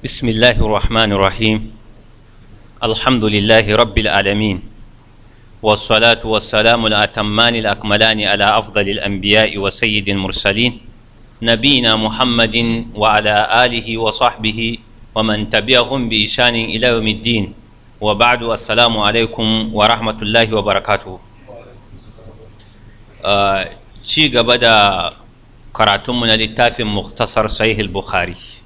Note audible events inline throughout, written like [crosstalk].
بسم الله الرحمن الرحيم الحمد لله رب العالمين والصلاة والسلام الأتمان الأكملان على أفضل الأنبياء وسيد المرسلين نبينا محمد وعلى آله وصحبه ومن تبعهم بإشان إلى يوم الدين وبعد السلام عليكم ورحمة الله وبركاته آه، شيء بدأ كراتم من الكتاب مختصر صحيح البخاري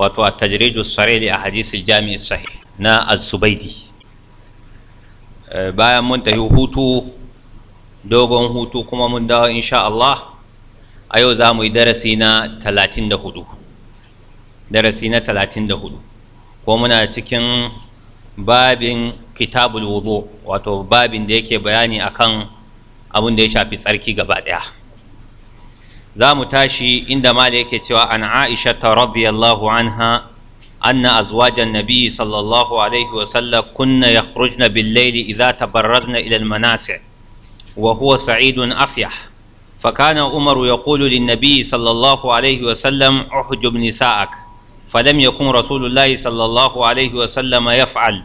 wato a tajiridu sare da hadisi jami'i sahih na az-zubaidi eh, bayan mun tafi hutu dogon hutu kuma mun dawo insha Allah a yau za mu yi darasi na 34 darasi na 34 ko muna cikin babin kitabul wudu wato babin da yake bayani akan abin da ya shafi tsarki gaba daya za mu tashi inda mala yake cewa an aisha ta radiyallahu anha anna azwajan nabi sallallahu alaihi wa sallam kunna yakhrujna bil layli idza tabarrazna ila al manasi' wa huwa sa'idun afyah فكان عمر يقول للنبي صلى الله عليه وسلم احجب نساءك فلم يكن رسول الله صلى الله عليه وسلم يفعل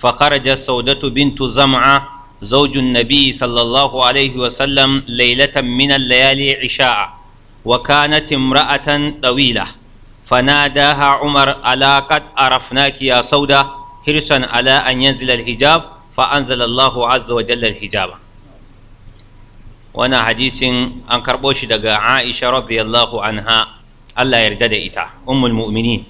فخرج السودة بنت زمعة زوج النبي صلى الله عليه وسلم ليلة من الليالي عشاء وكانت امرأة طويلة فناداها عمر ألا قد عرفناك يا سودة حرصا على أن ينزل الحجاب فأنزل الله عز وجل الحجاب وانا حديث أن كربوش دقا عائشة رضي الله عنها الله يردد إتا أم المؤمنين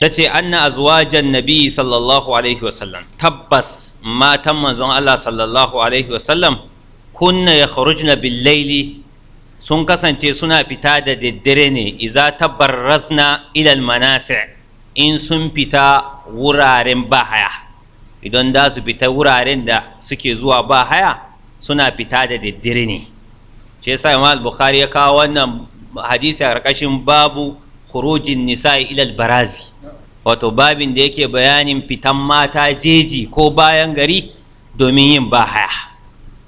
تتي أن أزواج النبي صلى الله عليه وسلم تبس ما تم زون الله صلى الله عليه وسلم كن يخرجن بالليل sun kasance suna fita da daddare ne iza rasna ilal manasi in sun fita wuraren bahaya idan da su fita wuraren da suke zuwa bahaya suna fita da daddare ne shi yasa Imam Bukhari ya kawo wannan hadisi a karkashin babu khurujin nisa'i ilal barazi wato babin da yake bayanin fitan mata jeji ko bayan gari domin yin bahaya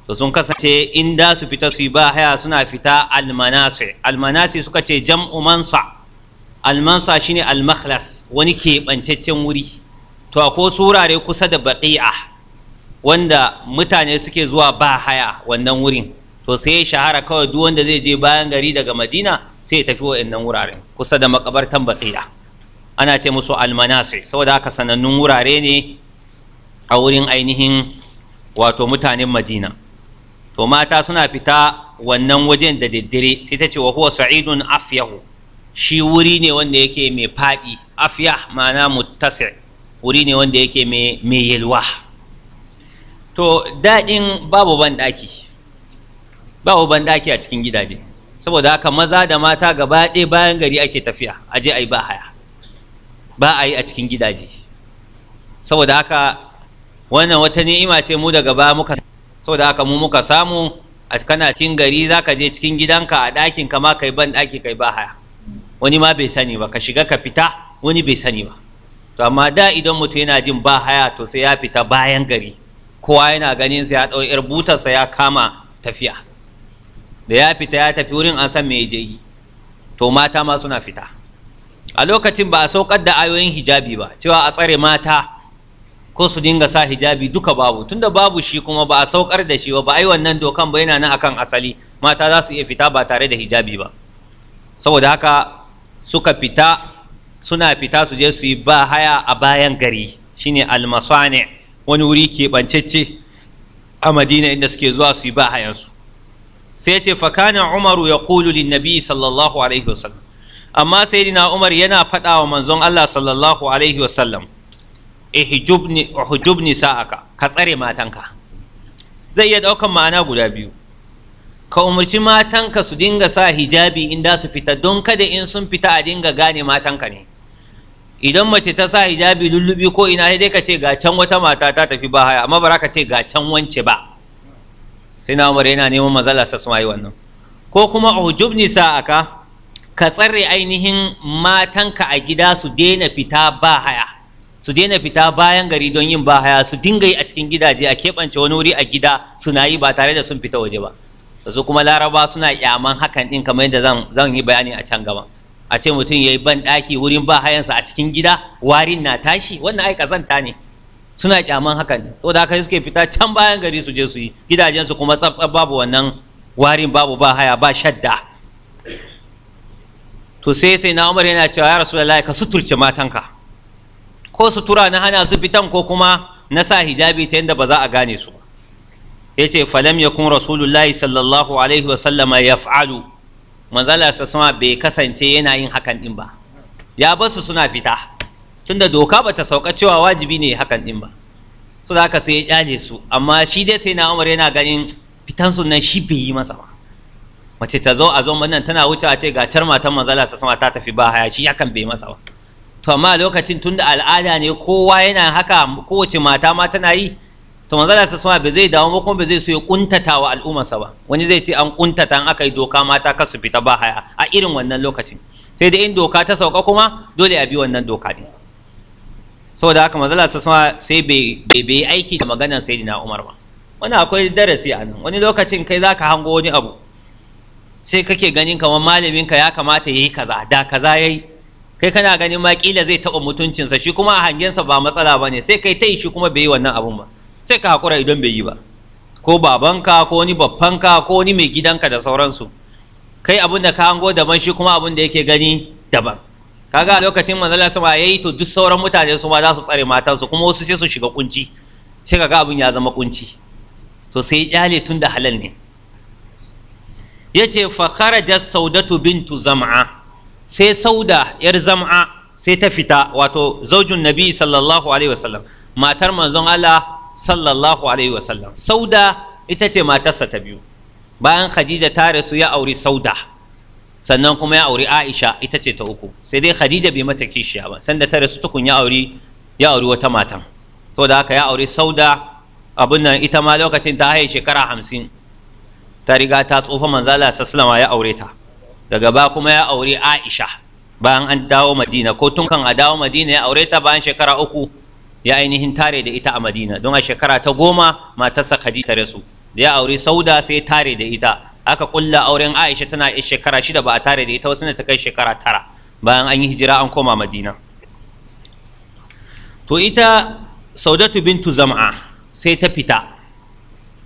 to sun kasance in da su fita su yi ba haya suna fita almanasi almanasi suka ce jam'u mansa almansa shine almakhlas wani keɓantaccen wuri to ko surare kusa da baqi'a wanda mutane suke zuwa ba haya wannan wurin to sai ya shahara kawai duk wanda zai je bayan gari daga madina sai ya tafi wa'annan wurare. kusa da makabartan baqi'a ana ce musu almanasi saboda haka sanannun wurare ne a wurin ainihin wato mutanen madina to mata suna fita wannan wajen da daddare sai ta ce wa huwa sa'idun afyahu shi wuri ne wanda yake mai faɗi afya ma'ana muttasi wuri ne wanda yake mai yalwa to daɗin babu banɗaki babu banɗaki a cikin gidaje saboda haka maza da mata gaba ɗaya bayan gari ake tafiya aje a yi ba haya ba a yi a cikin gidaje saboda haka wannan wata ni'ima ce mu daga ba muka saboda haka mu muka samu a kana cikin gari za ka je cikin gidanka a ɗakin ka ma kai ban ɗaki kai ba haya wani ma bai sani ba ka shiga ka fita wani bai sani ba to amma da idan mutum yana jin ba haya to sai ya fita bayan gari kowa yana ganin sai ya ɗau yar butarsa ya kama tafiya da ya fita ya tafi wurin an san me je yi to mata ma suna fita a lokacin ba a saukar da ayoyin hijabi ba cewa a tsare mata ko su dinga sa hijabi duka babu tunda babu shi kuma ba a saukar da shi ba ba ai wannan dokan ba yana nan akan asali mata za su iya fita ba tare da hijabi ba saboda haka suka fita suna fita su je su yi ba haya a bayan gari shine almasani wani wuri keɓancacce a madina inda suke zuwa su yi ba hayansu sai ya ce fakana umaru ya kulu linnabi sallallahu alaihi wasallam amma sayyidina umar yana faɗa wa manzon allah sallallahu alaihi wasallam Eh, ihjubni sa'aka ka tsare matanka zai iya daukan ma'ana guda biyu ka umarci matanka su dinga sa hijabi in da su fita don kada in sun fita a dinga gane matanka ne idan mace ta sa hijabi lullubi ko ina sai dai ka ce ga can wata mata ta tafi ba haya amma ba ka ce ga can wance ba sai na umar yana neman mazala sa su yi wannan ko kuma ujubni sa'aka ka tsare ainihin matanka a gida su daina fita ba haya su daina fita bayan gari don yin bahaya su dinga yi a cikin gidaje a keɓance wani wuri a gida suna yi ba tare da sun fita waje ba su kuma laraba suna kyaman hakan din kamar yadda zan zan yi bayani a can gaba a ce mutum yayi ban daki wurin bahayansa a cikin gida warin na tashi wannan ai kazanta ne suna kyaman hakan din saboda haka suke fita can bayan gari su je su yi gidajen su kuma tsaf babu wannan warin babu bahaya ba shadda to sai sai na Umar yana cewa ya Rasulullahi ka suturce matanka ko sutura na hana su fitan ko kuma na sa hijabi ta yadda ba za a gane su ba ya ce falam ya kun rasulullahi sallallahu alaihi wasallama ya fa'alu manzala sama bai kasance yana yin hakan din ba ya ba su suna fita tunda doka bata sauka cewa wajibi ne hakan din ba su da haka sai ya su amma shi dai sai na umar yana ganin fitan su nan shi bai yi masa ba mace ta zo a zo nan tana wuce a ce ga car matan manzala sama ta tafi ba haya shi hakan bai masa ba to amma lokacin tunda al'ada ne kowa yana haka kowace mata ma tana yi to manzala sa sama ba zai dawo kuma ba zai so ya kuntata wa al'ummarsa ba wani zai ce an kuntata an aka yi doka mata kasu fita ba haya a irin wannan lokacin sai dai in doka ta sauka kuma dole a bi wannan doka din saboda haka manzala sa sama sai bai bai aiki da maganar sayyidina Umar ba wani akwai darasi a nan wani lokacin kai zaka hango wani abu sai kake ganin kamar malamin ka ya kamata yayi kaza da kaza yayi kai kana ganin ma kila zai taɓa mutuncinsa shi kuma a hangensa ba matsala ba ne sai kai ta yi shi kuma bai yi wannan abun ba sai ka haƙura idan bai yi ba ko babanka ko wani babbanka ko wani mai gidanka da sauransu kai abin da ka hango daban shi kuma abin da yake gani daban kaga a lokacin manzala sama yayi to duk sauran mutane su ma za su tsare matansu kuma wasu sai su shiga kunci sai kaga abin ya zama kunci to sai kyale tun da halal ne yace fa kharaja saudatu bintu zam'a sai sauda yar zam'a sai ta fita wato zaujin nabi sallallahu alaihi wasallam matar manzon Allah sallallahu alaihi wasallam sauda ita ce matarsa ta biyu bayan khadija ta rasu ya auri sauda sannan kuma ya auri aisha ita ce ta uku sai dai khadija bai mata kishiya ba sanda ta rasu tukun ya auri ya auri wata matan saboda haka ya auri sauda abin nan ita ma lokacin ta haye shekara hamsin ta riga ta tsufa manzala sallama ya aure ta daga ba kuma ya aure aisha bayan an dawo madina ko tun kan a dawo madina ya aure ta bayan shekara uku ya ainihin tare da ita a madina don a shekara ta goma matarsa khadija ta rasu da ya aure sauda sai tare da ita aka kulla auren aisha tana shekara shida ba a tare da ita wasu ne ta kai shekara tara bayan an yi hijira an koma madina to ita saudatu bintu zam'a sai ta fita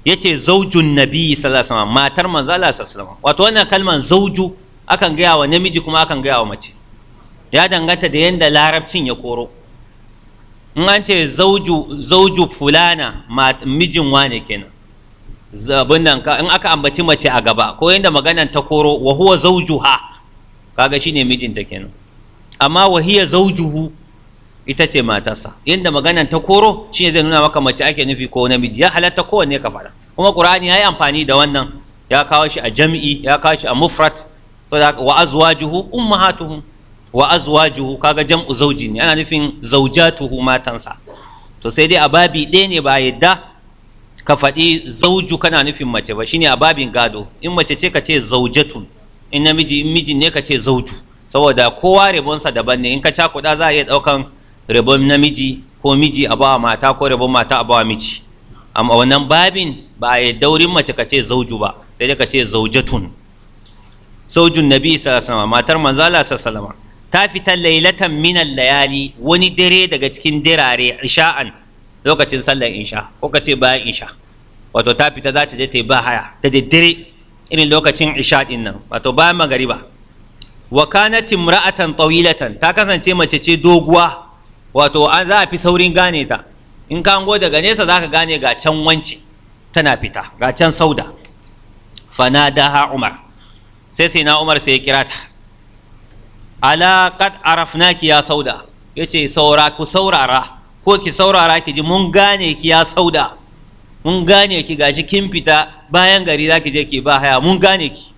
ya ce zaujun nabi sallallahu alaihi wasallam matar manzo sallallahu alaihi wasallam wato wannan kalman zauju akan gaya wa namiji kuma akan gaya wa mace ya danganta da yadda larabcin ya koro in an ce zauju fulana mijin wane kenan zabin nan in aka ambaci mace a gaba ko yadda maganan ta koro wa huwa zaujuha kaga shine mijinta kenan amma wa hiya zaujuhu ita ce matarsa yadda maganan ta koro shine zai nuna maka mace ake nufi ko namiji ya halatta kowanne ka faɗa kuma qur'ani ya yi amfani da wannan ya kawo shi a jam'i ya kawo shi a mufrat wa azwajuhu ummahatuhum wa azwajuhu kaga jam'u zauji ne ana nufin zaujatuhu matansa to sai dai a babi ɗaya ne ba yadda ka faɗi zauju kana nufin mace ba shine a babin gado in mace ce ka ce zaujatun in namiji in mijin ne ka ce zauju saboda kowa rabonsa daban ne in ka cakuɗa za a iya ɗaukan rabon namiji ko miji a bawa mata ko rabon mata a bawa miji amma wannan babin ba a yadda wurin mace ka ce zauju ba sai dai ka ce zaujatun zaujin nabi sallallahu matar manzo Allah sallallahu ta fita lailatan minan layali wani dare daga cikin dirare isha'an lokacin sallar insha ko kace bayan insha wato ta fita za ta je ta yi bahaya da daddare irin lokacin isha din nan wato bayan magariba wa kanat imra'atan tawilatan ta kasance mace ce doguwa wato an za a fi saurin gane ta in ka ango daga nesa zaka gane ga can wance tana fita ga can sauda fanadaha umar sai sai na umar sai ya kira ta ala kad arafnaki ya sauda yace saura ku saurara ko ki saurara ki ji mun gane ki ya sauda mun gane ki gashi kin fita bayan gari zaki je ki ba haya mun gane ki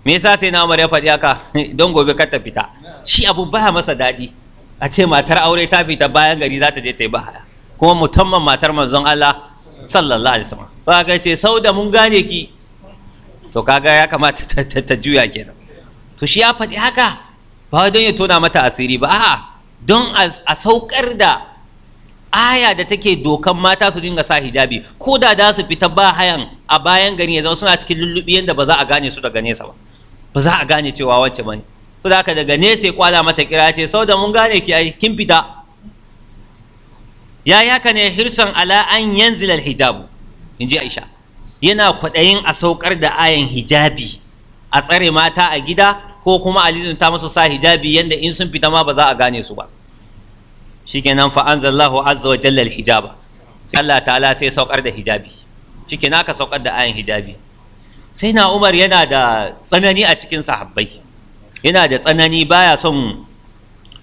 me yasa sai na umar ya faɗi haka [laughs] don gobe kar ta fita shi abu baya masa daɗi a ce matar aure ta fita bayan gari za ta je ta yi ba haya kuma musamman matar manzon Allah sallallahu alaihi wasallam sai ka ce sauda mun gane ki to kaga ya kamata ta juya kenan to shi ya faɗi haka ba don ya tona mata asiri ba a'a don a saukar da aya da take dokan mata su dinga sa hijabi ko da za su fita ba hayan a bayan gani ya zama suna cikin lullubi yadda ba za a gane su daga nesa ba ba za a gane cewa wacce bane to da haka daga nesa ya kwala mata kira ce sau da mun gane ki ai kin fita ya yi haka ne hirsan ala an yanzilal hijabu in ji aisha yana kwaɗayin a saukar da ayan hijabi a tsare mata a gida ko kuma a ta musu sa hijabi yanda in sun fita ma ba za a gane su ba shikenan fa anzalallahu azza wa jalla hijaba sai Allah ta'ala sai saukar da hijabi shikenan aka saukar da ayan hijabi sai na Umar yana da tsanani a cikin sahabbai yana da tsanani baya son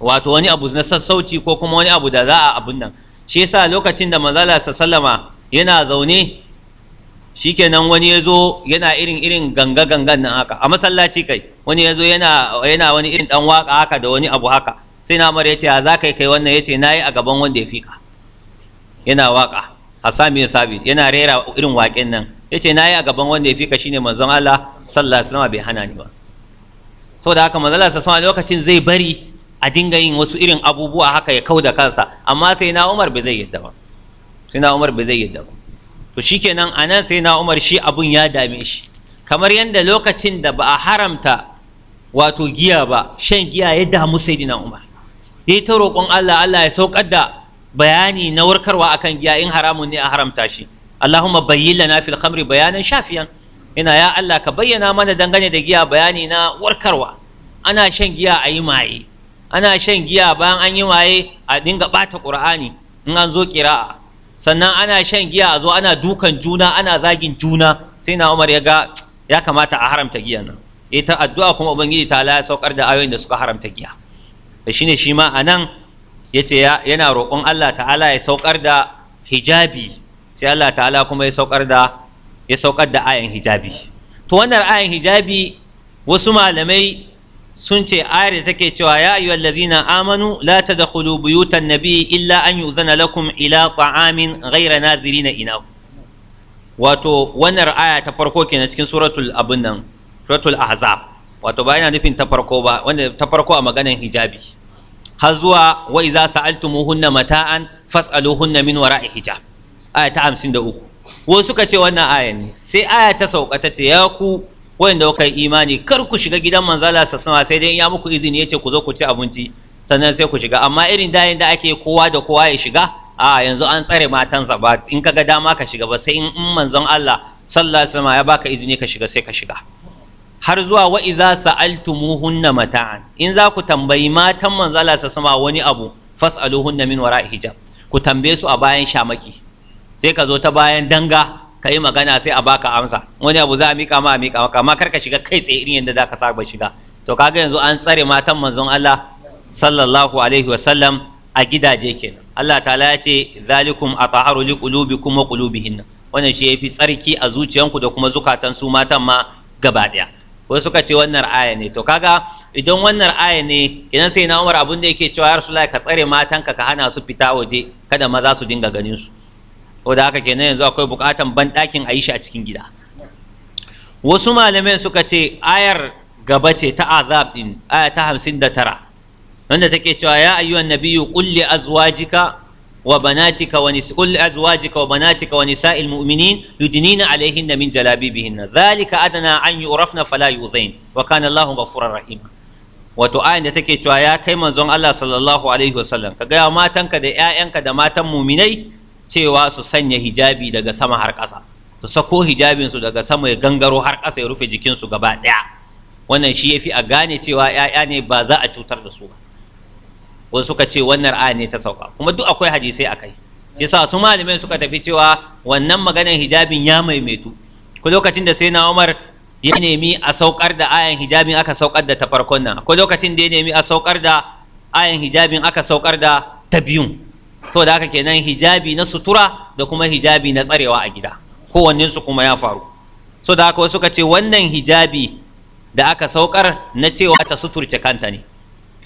wato wani abu na sassauci ko kuma wani abu da za a abun nan shi yasa lokacin da manzala sallama yana zaune shikenan wani ya zo yana irin irin ganga gangan nan haka a masallaci kai wani ya zo yana yana wani irin dan waka haka da wani abu haka sai na mara yace za kai kai wannan yace nayi a gaban wanda ya fika yana waka Hassan bin Sabit yana rera irin waken nan yace nayi a gaban wanda ya fika shine manzon Allah sallallahu alaihi wasallam bai hana ni ba saboda haka manzon Allah sallallahu alaihi lokacin zai bari a dinga yin wasu irin abubuwa haka ya kauda kansa amma sai na Umar bai zai yadda ba sai na Umar bai zai yadda ba to shi a nan sai na umar shi abun ya dame shi kamar yadda lokacin da ba a haramta wato giya ba shan giya ya damu sai na umar ya yi ta roƙon allah allah ya saukar da bayani na warkarwa akan giya in haramun ne a haramta shi allahumma bayyin lana fil khamri bayanan shafiyan ina ya allah ka bayyana mana dangane da giya bayani na warkarwa ana shan giya a yi maye ana shan giya bayan an yi maye a dinga bata ƙur'ani in an zo kira'a sannan ana shan giya a zo ana dukan juna ana zagin juna sai na umar ya ga ya kamata a haramta giya nan ita addu'a kuma ubangiji ta ya saukar da ayoyin da suka haramta giya da shine shi ma anan yace yana roƙon Allah ta'ala ya saukar da hijabi sai Allah ta'ala kuma ya saukar da ya saukar da ayan hijabi to wannan ayan hijabi wasu malamai sun ce ayar da take cewa ya ayyuhal ladina amanu la tadkhulu buyutan nabi illa an yu'zana lakum ila ta'amin ghayra nadhirina ina wato wannan aya ta farko kenan cikin suratul abun nan suratul ahzab wato ba yana nufin ta farko ba wanda ta farko a maganar hijabi har zuwa wa iza sa'altumuhunna mata'an fas'aluhunna min wara'i hijab aya ta 53 wasu suka ce wannan aya ne sai aya ta sauka ta ce ya ku wayanda kuka yi imani kar ku shiga gidan manzala sassama sai dai ya muku izini yace ku zo ku ci abinci sannan sai ku shiga amma irin dayin da ake kowa da kowa ya shiga a yanzu an tsare matansa ba in kaga dama ka shiga ba sai in manzon Allah sallallahu alaihi wasallam ya baka izini ka shiga sai ka shiga har zuwa wa iza sa'altumuhunna mata'an in za ku tambayi matan manzo Allah sama wani abu fas'aluhunna min wara'i hijab ku tambaye su a bayan shamaki sai ka zo ta bayan danga ka yi magana sai a baka amsa wani abu za a miƙa ma a miƙa maka amma kar ka shiga kai tsaye irin yadda za ka saba shiga to kaga yanzu an tsare matan manzon Allah sallallahu alaihi wa sallam a gidaje kenan Allah ta'ala ya ce zalikum ataharu qulubikum wa qulubihin wannan shi yafi tsarki a zuciyanku da kuma zukatan su matan ma gaba daya wai suka ce wannan aya ne to kaga idan wannan aya ne idan sai na umar abin da yake cewa ya rasulullahi ka tsare matanka ka hana su fita waje kada maza su dinga ganin su da haka kenan yanzu akwai bukatan banɗakin Aisha a cikin gida wasu malamai suka ce ayar gaba ce ta azab din aya ta hamsin da tara wanda take cewa ya ayyuhan nabiyyu qul li azwajika wa banatika wa nisa qul azwajika wa banatika wa nisa'il mu'minin yudnina alayhinna min jalabibihinna dhalika adana an yu'rafna fala yu'zain wa kana Allahu ghafurur rahim wato ayan da take cewa ya kai manzon Allah sallallahu alaihi wasallam ka ga matanka da ƴaƴanka da matan mu'minai cewa su sanya hijabi daga sama har ƙasa su sako hijabinsu daga sama ya gangaro har ƙasa ya rufe jikinsu gaba ɗaya wannan shi ya fi a gane cewa ‘ya'ya ne ba za a cutar da su ba wasu suka ce wannan aya ne ta sauka kuma duk akwai hadisai a kai yasa su malamai suka tafi cewa wannan maganar hijabin ya maimaitu ko lokacin da sai na umar ya nemi a saukar da ayan hijabin aka saukar da ta farkon nan ko lokacin da ya nemi a saukar da ayan hijabin aka saukar da ta biyun da haka kenan hijabi na sutura da kuma hijabi na tsarewa a gida kowannen su kuma ya faru da haka wasu ka ce wannan hijabi da aka saukar na cewa ta suturce kanta ne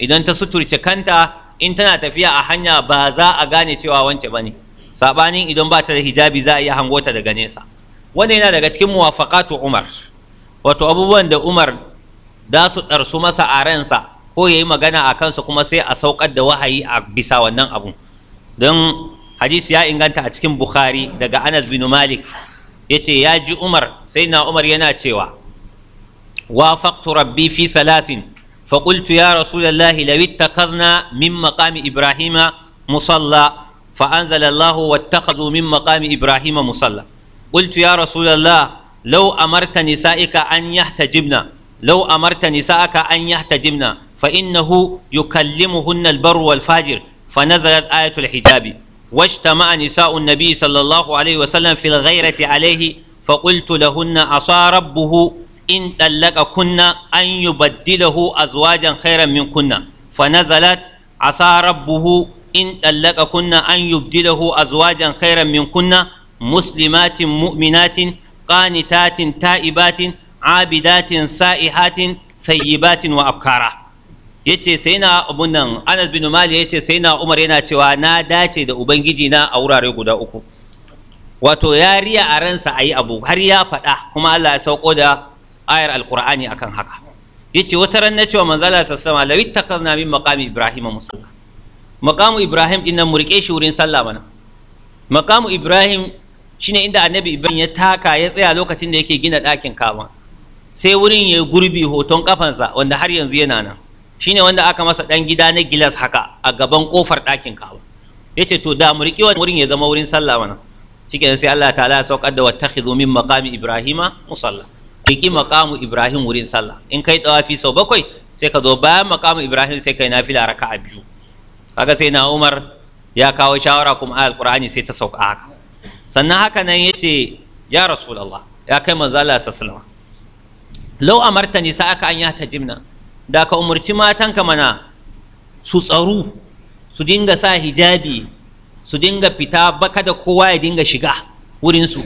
idan ta suturce kanta in tana tafiya a hanya ba za a gane cewa wance bane sabanin idan ba ta da hijabi za a iya ta daga nesa wannan yana daga cikin muwafaqatu Umar wato abubuwan da Umar da su ɗarsu masa a ransa ko yayi magana a kansu kuma sai a saukar da wahayi a bisa wannan abun don hadisi ya inganta a cikin bukhari daga anas bin malik ya ce ya ji umar sai na umar yana cewa wa rabbi fi talatin faƙultu ya rasulallahi lawi takazna min maƙami ibrahima musalla fa’anzalallahu wa takazu min maƙami ibrahima musalla ƙultu ya rasulallah lau amarta nisa'ika an yahta jibna lau amarta nisa'aka an yahta jibna fa innahu yukallimuhunnal baru wal fajir فنزلت آية الحجاب واجتمع نساء النبي صلى الله عليه وسلم في الغيرة عليه فقلت لهن عصى ربه إن طلقكن أن يبدله أزواجا خيرا منكن فنزلت عسى ربه إن طلقكن أن يبدله أزواجا خيرا منكن مسلمات مؤمنات قانتات تائبات عابدات سائحات ثيبات وأبكارا Ya ce sai na abun nan Anas bin ya ce sai na Umar yana cewa na dace da ubangiji na a wurare guda uku wato ya riya a ransa ayi abu har ya faɗa kuma Allah ya sauko da ayar alqur'ani akan haka Ya ce wata ran na cewa manzala sassama lawi na min maƙamu Ibrahim a musalla Maƙamu Ibrahim din nan murke shi wurin sallah mana Maƙamu Ibrahim shine inda annabi Ibrahim ya taka ya tsaya lokacin da yake gina ɗakin kama sai wurin ya gurbi hoton kafansa wanda har yanzu yana nan shine wanda aka masa dan gida na gilas haka a gaban kofar ɗakin kawo yace to da mu riƙe wurin ya zama wurin sallah mana shikenan sai Allah ta'ala ya saukar da wattakhidhu min maqami ibrahima musalla riƙi maqamu ibrahim wurin sallah in kai dawafi sau bakwai sai ka zo bayan maqamu ibrahim sai kai nafila raka'a biyu kaga sai na Umar ya kawo shawara kuma alqur'ani sai ta sauka haka sannan haka nan yace ya rasulullah ya kai manzo Allah sallallahu alaihi wasallam law amartani sa'aka an yahtajimna da ka umarci matanka mana su tsaru su dinga sa hijabi su dinga fita baka da kowa ya dinga shiga wurinsu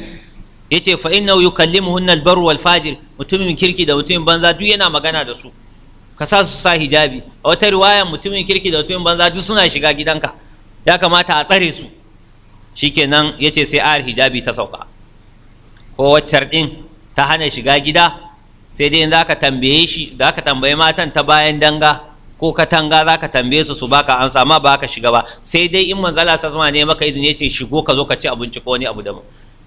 ya ce fa inna yukallimuhun albar wal fajir mutumin kirki da mutumin banza duk yana magana da su ka sa su sa hijabi a wata riwaya mutumin kirki da mutumin banza duk suna shiga gidanka ya kamata a tsare su shikenan ya ce sai ayar hijabi ta sauka ko wacce ɗin ta hana shiga gida sai dai za ka tambaye shi za ka tambaye matan ta bayan danga ko katanga za ka tambaye su su baka ansa amma ba ka shiga ba sai dai in manzala sa zama ne maka izini ya ce shigo ka zo ka ci abinci ko wani abu da mu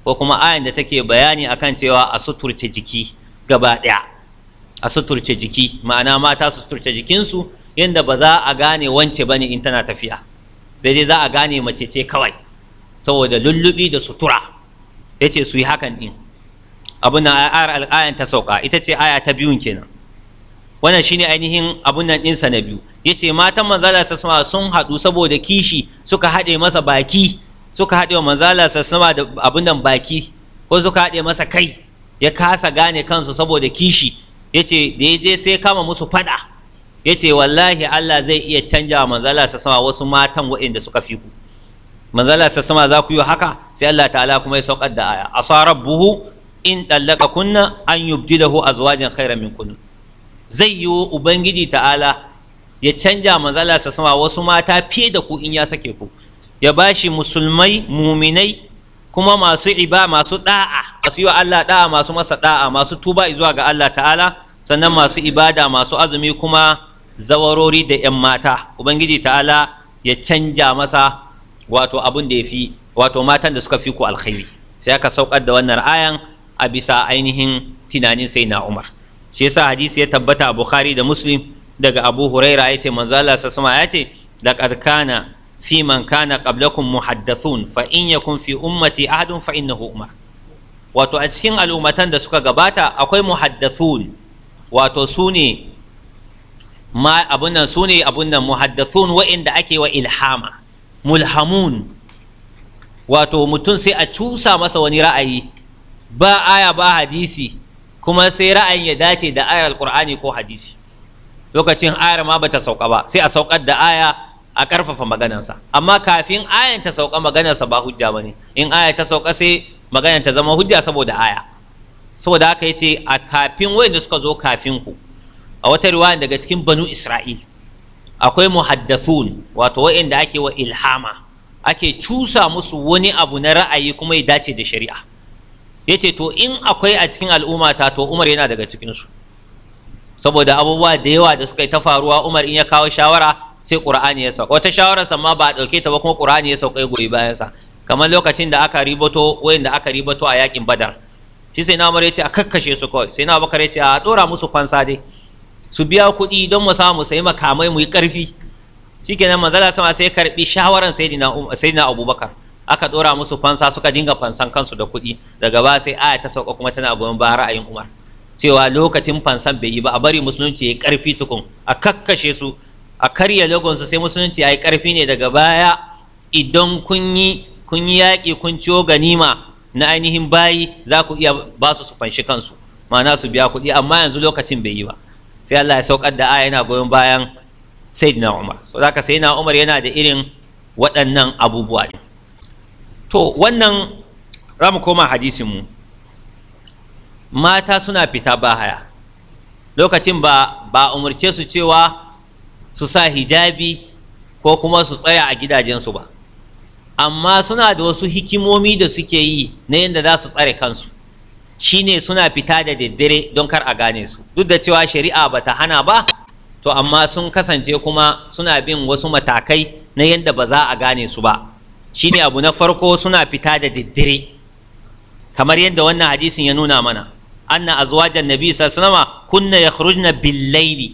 ko kuma ayan da take bayani akan cewa a suturce jiki gaba ɗaya a suturce jiki ma'ana mata su suturce jikinsu yadda ba za a gane wance ba ne in tana tafiya sai dai za a gane mace ce kawai saboda lullubi da sutura ya ce su yi hakan ɗin abun nan ayar al'ayan ta sauka ita ce aya ta biyun kenan wannan shine ainihin abun nan ɗinsa na biyu yace matan manzala sassama sun hadu saboda kishi suka haɗe masa baki suka haɗe wa manzala sassama da abun nan baki ko suka haɗe masa kai ya kasa gane kansu saboda kishi yace da ya je sai kama musu faɗa yace wallahi Allah zai iya canja wa manzala sassama wasu matan waɗanda suka fi ku manzala sassama za ku yi haka sai Allah ta'ala kuma ya saukar da aya asa rabbuhu in ɗallaka kunna an da hu a khairar min kunna zai yi wa ubangiji ta'ala ya canja manzala sa sama wasu mata fiye da ku in ya sake ku ya ba shi musulmai muminai kuma masu iba masu ɗa'a masu yi wa Allah ɗa'a masu masa ɗa'a masu tuba zuwa ga Allah ta'ala sannan masu ibada masu azumi kuma zawarori da 'yan mata ubangiji ta'ala ya canja masa wato abun da ya fi wato matan da suka fi ku alkhairi sai aka saukar da wannan ayan a bisa ainihin tunanin sai na umar shi yasa hadisi ya tabbata a bukhari da muslim daga abu huraira ya ce manzo Allah sassama ya ce laqad kana fi man kana qablakum muhaddathun fa in yakun fi ummati ahadun fa innahu umar wato a cikin al'ummatan da suka gabata akwai muhaddathun wato su ne ma abun nan su ne abun nan muhaddathun wa'inda ake wa ilhama mulhamun wato mutum sai a cusa masa wani ra'ayi ba aya ba hadisi kuma sai ra'ayin ya dace da ayar alkur'ani ko hadisi lokacin ayar ma bata sauka ba sai a saukar da aya a karfafa maganansa amma kafin ayan ta sauka maganarsa ba hujja ne. in aya ta sauka sai maganar ta zama hujja saboda aya saboda haka yace a kafin wayanda suka zo kafin ku a wata riwaya daga cikin banu isra'il akwai muhaddathun wato wayanda ake wa ilhama ake cusa musu wani abu na ra'ayi kuma ya dace da shari'a Ya ce to in akwai a cikin al'ummata to Umar yana daga cikinsu. su saboda abubuwa da yawa da suka yi ta faruwa Umar in ya kawo shawara sai Qur'ani ya sauka wata shawarar ma ba a dauke ta ba kuma Qur'ani ya sauka ya goyi bayan kamar lokacin da aka ribato wayan da aka ribato a yakin Badar shi sai na Umar ce a kakkashe su kawai sai na Abubakar ce a dora musu fansa dai su biya kuɗi don mu samu sai makamai mu yi ƙarfi shikenan manzala sama sai karbi shawaran sayyidina Abubakar aka dora musu fansa suka dinga fansan kansu da kuɗi daga ba sai aya ta sauka kuma tana goyon ba ra'ayin Umar cewa lokacin fansan bai yi ba a bari musulunci ya karfi tukun a kakkashe su a karya logonsu sai musulunci ya yi karfi ne daga baya idan kun yi kun yi yaƙi kun ciyo ganima na ainihin bayi za ku iya ba su su fanshi kansu ma'ana su biya kuɗi amma yanzu lokacin bai yi ba sai Allah ya saukar da aya yana goyon bayan sayyidina Umar so zaka sayyidina Umar yana da irin waɗannan abubuwa ne to wannan ramu koma hadisin mu mata suna fita bahaya lokacin ba ba umarce su cewa su sa hijabi ko kuma su tsaya a gidajensu ba amma suna da wasu hikimomi da suke yi na yadda za su tsare kansu shine suna fita da daddare don kar a gane su duk da cewa shari'a ba ta hana ba to amma sun kasance kuma suna bin wasu matakai na yadda ba za a gane su ba shine abu na farko suna fita da diddire kamar yadda wannan hadisin ya nuna mana anna azwajan nabi sallallahu kunna yakhrujna bil layli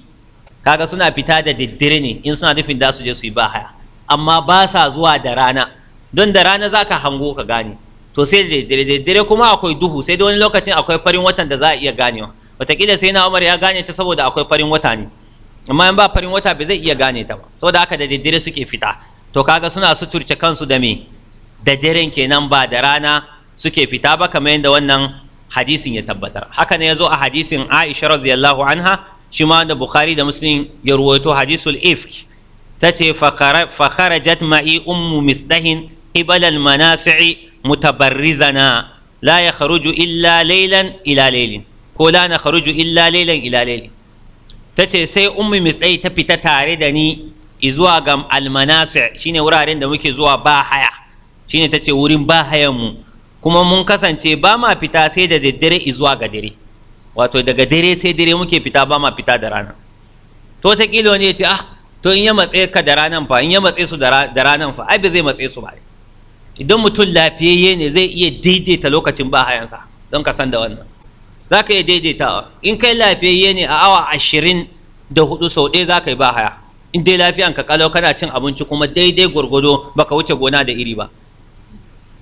kaga suna fita da diddire ne in suna nufin da su je su yi haya. amma ba sa zuwa da rana don da rana zaka hango ka gane to sai da diddire-diddire kuma akwai duhu sai da wani lokacin akwai farin watan da za a iya ganewa wataƙila sai na umar ya gane ta saboda akwai farin wata ne amma in ba farin wata ba zai iya gane ta ba saboda haka da diddire suke fita to kaga suna suturce kansu da me da daren kenan ba da rana suke fita ba kamar yadda wannan hadisin ya tabbatar haka ne ya zo a hadisin aisha radiyallahu anha shi ma da bukhari da muslim ya ruwaito hadisul ifk ta ce fakharajat ma'i ummu misdahin qibala al-manasi'i mutabarrizana la ya kharuju illa laylan ila laylin ko la na kharuju illa laylan ila laylin ce sai ummu misdai ta fita tare da ni izuwa ga shi shine wuraren da muke zuwa ba haya shine ce wurin ba hayan mu kuma mun kasance ba ma fita sai da daddare izuwa ga dare wato daga dare sai dare muke fita ba ma fita da rana to ta kilo ne ce ah to in ya matse ka da ranan fa in ya matse su da ranan fa ai zai matse su ba idan mutum lafiyayye ne zai iya daidaita lokacin ba hayansa don ka san da wannan za ka iya daidaitawa in kai lafiyayye ne a awa ashirin da hudu sau ɗaya za ka yi ba haya in dai lafiyan ka kalau kana cin abinci kuma daidai gwargwado baka wuce gona da iri ba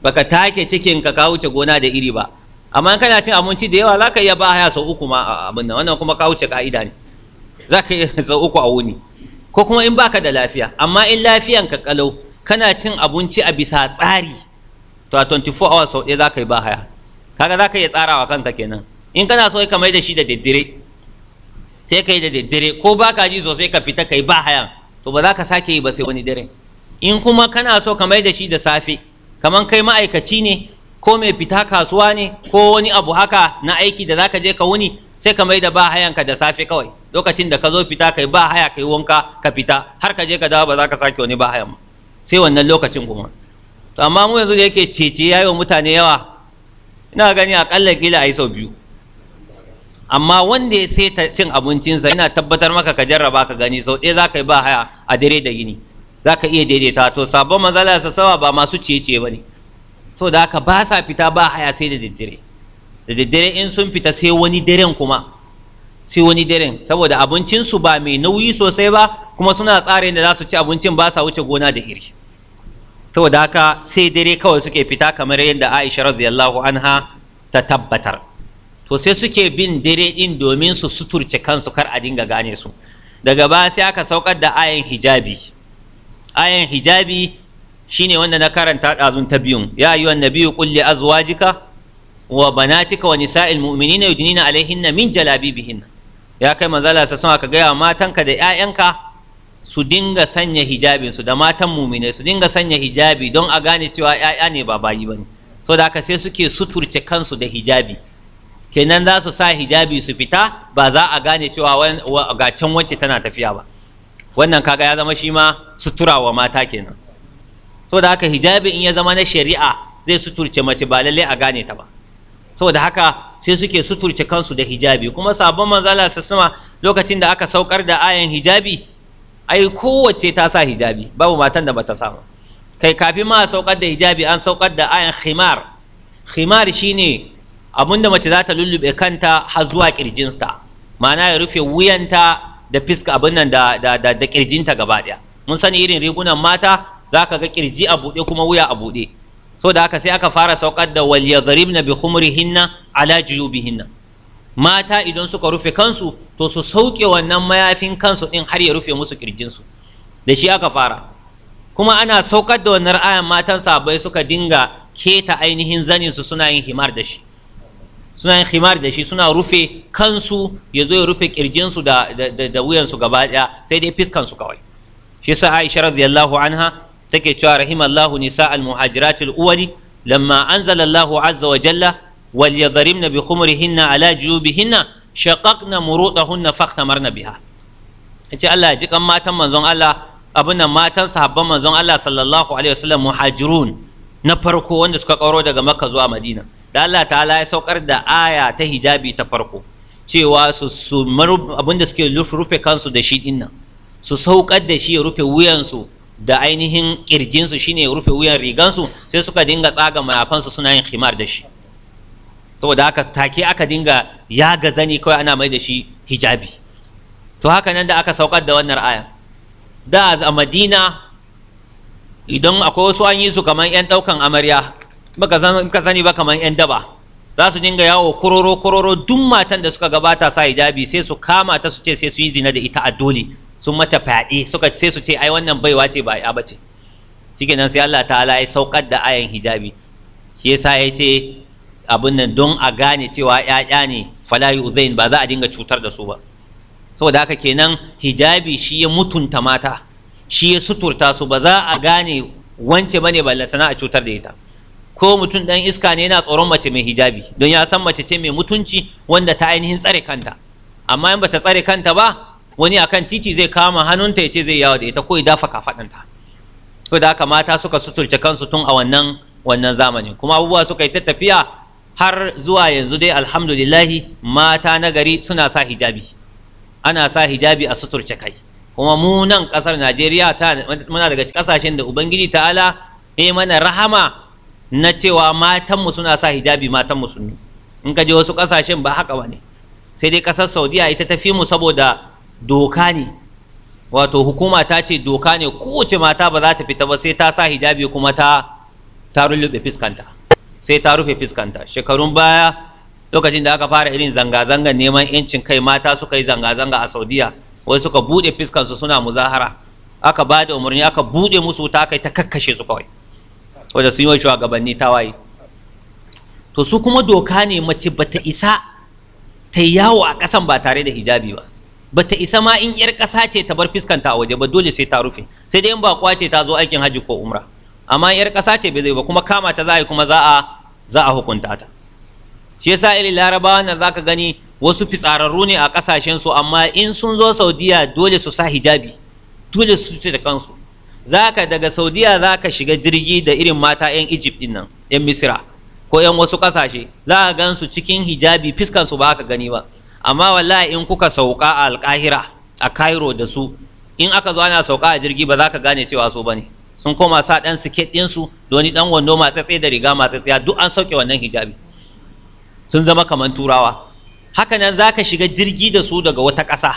baka take cikin ka ka wuce gona da iri ba amma kana cin abinci da yawa zaka iya ba haya sau uku ma abin nan wannan kuma ka wuce ka'ida ne zaka iya [laughs] sau uku a wuni ko kuma in baka da lafiya amma in lafiyan ka kalau kana cin abinci a bisa tsari to a 24 hours sau ɗaya zaka yi ba haya kaga zaka iya tsarawa kanka kenan in kana so ka mai da shi da daddare sai ka yi da daddare ko ba ka ji sosai ka fita ka yi ba hayan to ba za ka sake yi ba sai wani dare in kuma kana so ka mai da shi da safe kamar kai ma'aikaci ne ko mai fita kasuwa ne ko wani abu haka na aiki da za ka je ka wuni sai ka mai da ba ka da safe kawai lokacin da ka zo fita ka yi ba haya yi wanka ka fita har ka je ka dawo ba za ka sake wani ba hayan sai wannan lokacin kuma to amma mu yanzu da yake cece yayi wa mutane yawa ina gani akalla kila yi sau biyu amma wanda ya saita cin abincinsa yana tabbatar maka ka jarraba ka gani sau ɗaya za ka yi ba haya a dare da gini za ka iya daidaita to sabon manzala sa sawa ba masu ciye-ciye ba ne so da haka ba sa fita ba haya sai da daddare da daddare in sun fita sai wani daren kuma sai wani daren saboda abincinsu ba mai nauyi sosai ba kuma suna tsarin da za su ci abincin ba sa wuce gona da iri da haka sai dare kawai suke fita kamar yadda aisha radiyallahu anha ta tabbatar to sai suke bin dare din domin su suturce kansu kar a dinga gane su daga ba sai aka saukar da ayan hijabi ayan hijabi shine wanda na karanta dazun ta biyun ya ayyuhan nabiyyu qul li azwajika wa banatika wa nisa'il mu'minina yudnina alaihinna min jalabibihinna ya kai manzala sa sun aka gaya matanka da 'ya'yanka su dinga sanya hijabin su da matan muminai su dinga sanya hijabi don a gane cewa ‘ya'ya ne ba bayi bane ne haka sai suke suturce kansu da hijabi kenan za su sa hijabi su fita ba za a gane cewa ga can wacce tana tafiya ba wannan kaga ya zama shi ma sutura wa mata kenan saboda haka hijabi in ya zama na shari'a zai suturce mace ba lallai a gane ta ba saboda haka sai suke suturce kansu da hijabi kuma sabon manzala suma lokacin da aka saukar da ayan hijabi ai kowace ta sa hijabi babu matan da bata samu kai kafin ma a saukar da hijabi an saukar da ayan khimar khimar shine da mace za ta lullube kanta har zuwa kirjinsta ma'ana ya rufe wuyanta da fiska abin nan da da da, da kirjinta gaba daya mun sani irin rigunan mata za ka ga kirji a buɗe kuma wuya a buɗe so da haka sai aka fara saukar da wal na bi khumrihinna ala jiyubihinna mata idan suka rufe kansu to su sauke wannan mayafin kansu din har ya rufe musu kirjinsu da shi aka fara kuma ana saukar da wannan ra'ayan matan sabai suka dinga keta ainihin zanin su suna yin himar da shi suna yin khimar da shi suna rufe kansu ya zo ya rufe kirjinsu da da wuyansu gaba ɗaya sai dai fiskansu kawai shi yasa Aisha radiyallahu anha take cewa rahimallahu nisa al muhajiratul uwali awwali lamma anzala Allahu azza wa jalla wal yadrimna bi khumurihinna ala jubihinna shaqaqna murudahunna fakhtamarna biha yace Allah ya ji kan matan manzon Allah abin matan sahabban manzon Allah sallallahu alaihi wasallam muhajirun na farko wanda suka karo daga Makka zuwa Madina da Allah ta'ala ya saukar da aya ta hijabi ta farko cewa su su abinda suke rufe kansu da shi dinnan su saukar da shi ya rufe wuyansu da ainihin kirjinsu shine ya rufe wuyan rigansu sai suka dinga tsaga manafansu suna yin himar da shi saboda haka take aka dinga ya ga zani kawai ana mai da shi hijabi to haka nan da aka saukar da wannan aya da a madina idan akwai wasu an yi su kamar 'yan ɗaukan amarya baka sani ba kamar 'yan daba za su dinga yawo kororo kororo duk matan da suka gabata sa hijabi sai su kama ta su ce sai su yi zina da ita a dole sun mata fyaɗe suka sai su ce ai wannan baiwa ce ba ya bace shikenan sai Allah ta'ala ya saukar da ayan hijabi shi yasa ya ce abin nan don a gane cewa yaya ne fala yuzain ba za a dinga cutar da su ba saboda haka kenan hijabi shi ya mutunta mata shi ya suturta su ba za a gane wance bane ballatana a cutar da ita ko mutum ɗan iska ne yana tsoron mace mai hijabi don ya san mace ce mai mutunci wanda ta ainihin tsare kanta amma in bata tsare kanta ba wani akan titi zai kama hannunta ya ce zai yawo da ita ko ya dafa kafaɗanta to da haka mata suka suturce kansu tun a wannan wannan zamanin kuma abubuwa suka yi ta tafiya har zuwa yanzu dai alhamdulillahi mata na gari suna sa hijabi ana sa hijabi a suturce kai kuma mu nan ƙasar najeriya muna daga ƙasashen da ubangiji ta'ala ya mana rahama na cewa matanmu suna sa hijabi matan musulmi in ka je wasu ƙasashen ba haka ba ne sai dai ƙasar saudiya ita ta fi mu saboda doka ne wato hukuma ta ce doka ne kowace mata ba za ta fita ba sai ta sa hijabi kuma ta ta rufe fiskanta sai ta rufe fiskanta shekarun baya lokacin da aka fara irin zanga zanga neman yancin kai mata suka yi zanga-zanga a saudiya wai suka buɗe fiskansu suna muzahara aka ba da umarni aka buɗe musu ta kai ta kakkashe su kawai wadda sun yi wa shugabanni tawaye to su kuma doka ne mace ba ta isa ta yawo a ƙasan ba tare da hijabi ba Ba ta isa ma in yar ƙasa ce ta bar fiskanta a waje ba dole sai ta rufe sai dai in ba ce ta zo aikin hajji ko umra amma yar ƙasa ce bai zai ba kuma kama ta za a yi kuma za a za a hukunta ta shi yasa irin larabawa nan zaka gani wasu fitsararru ne a su amma in sun zo saudiya dole su sa hijabi dole su ce da kansu zaka daga saudiya zaka shiga jirgi da irin mata 'yan egypt din nan 'yan misira ko 'yan wasu kasashe za ka gan su cikin hijabi fiskan su ba ka gani ba amma wallahi in kuka sauka a alkahira a cairo da su in aka zo ana sauka a jirgi ba za ka gane cewa so bane sun koma sa dan siket din su doni dan wando matsatse da riga matsatsiya duk an sauke wannan hijabi sun zama kamar turawa haka nan za ka shiga jirgi da su daga wata ƙasa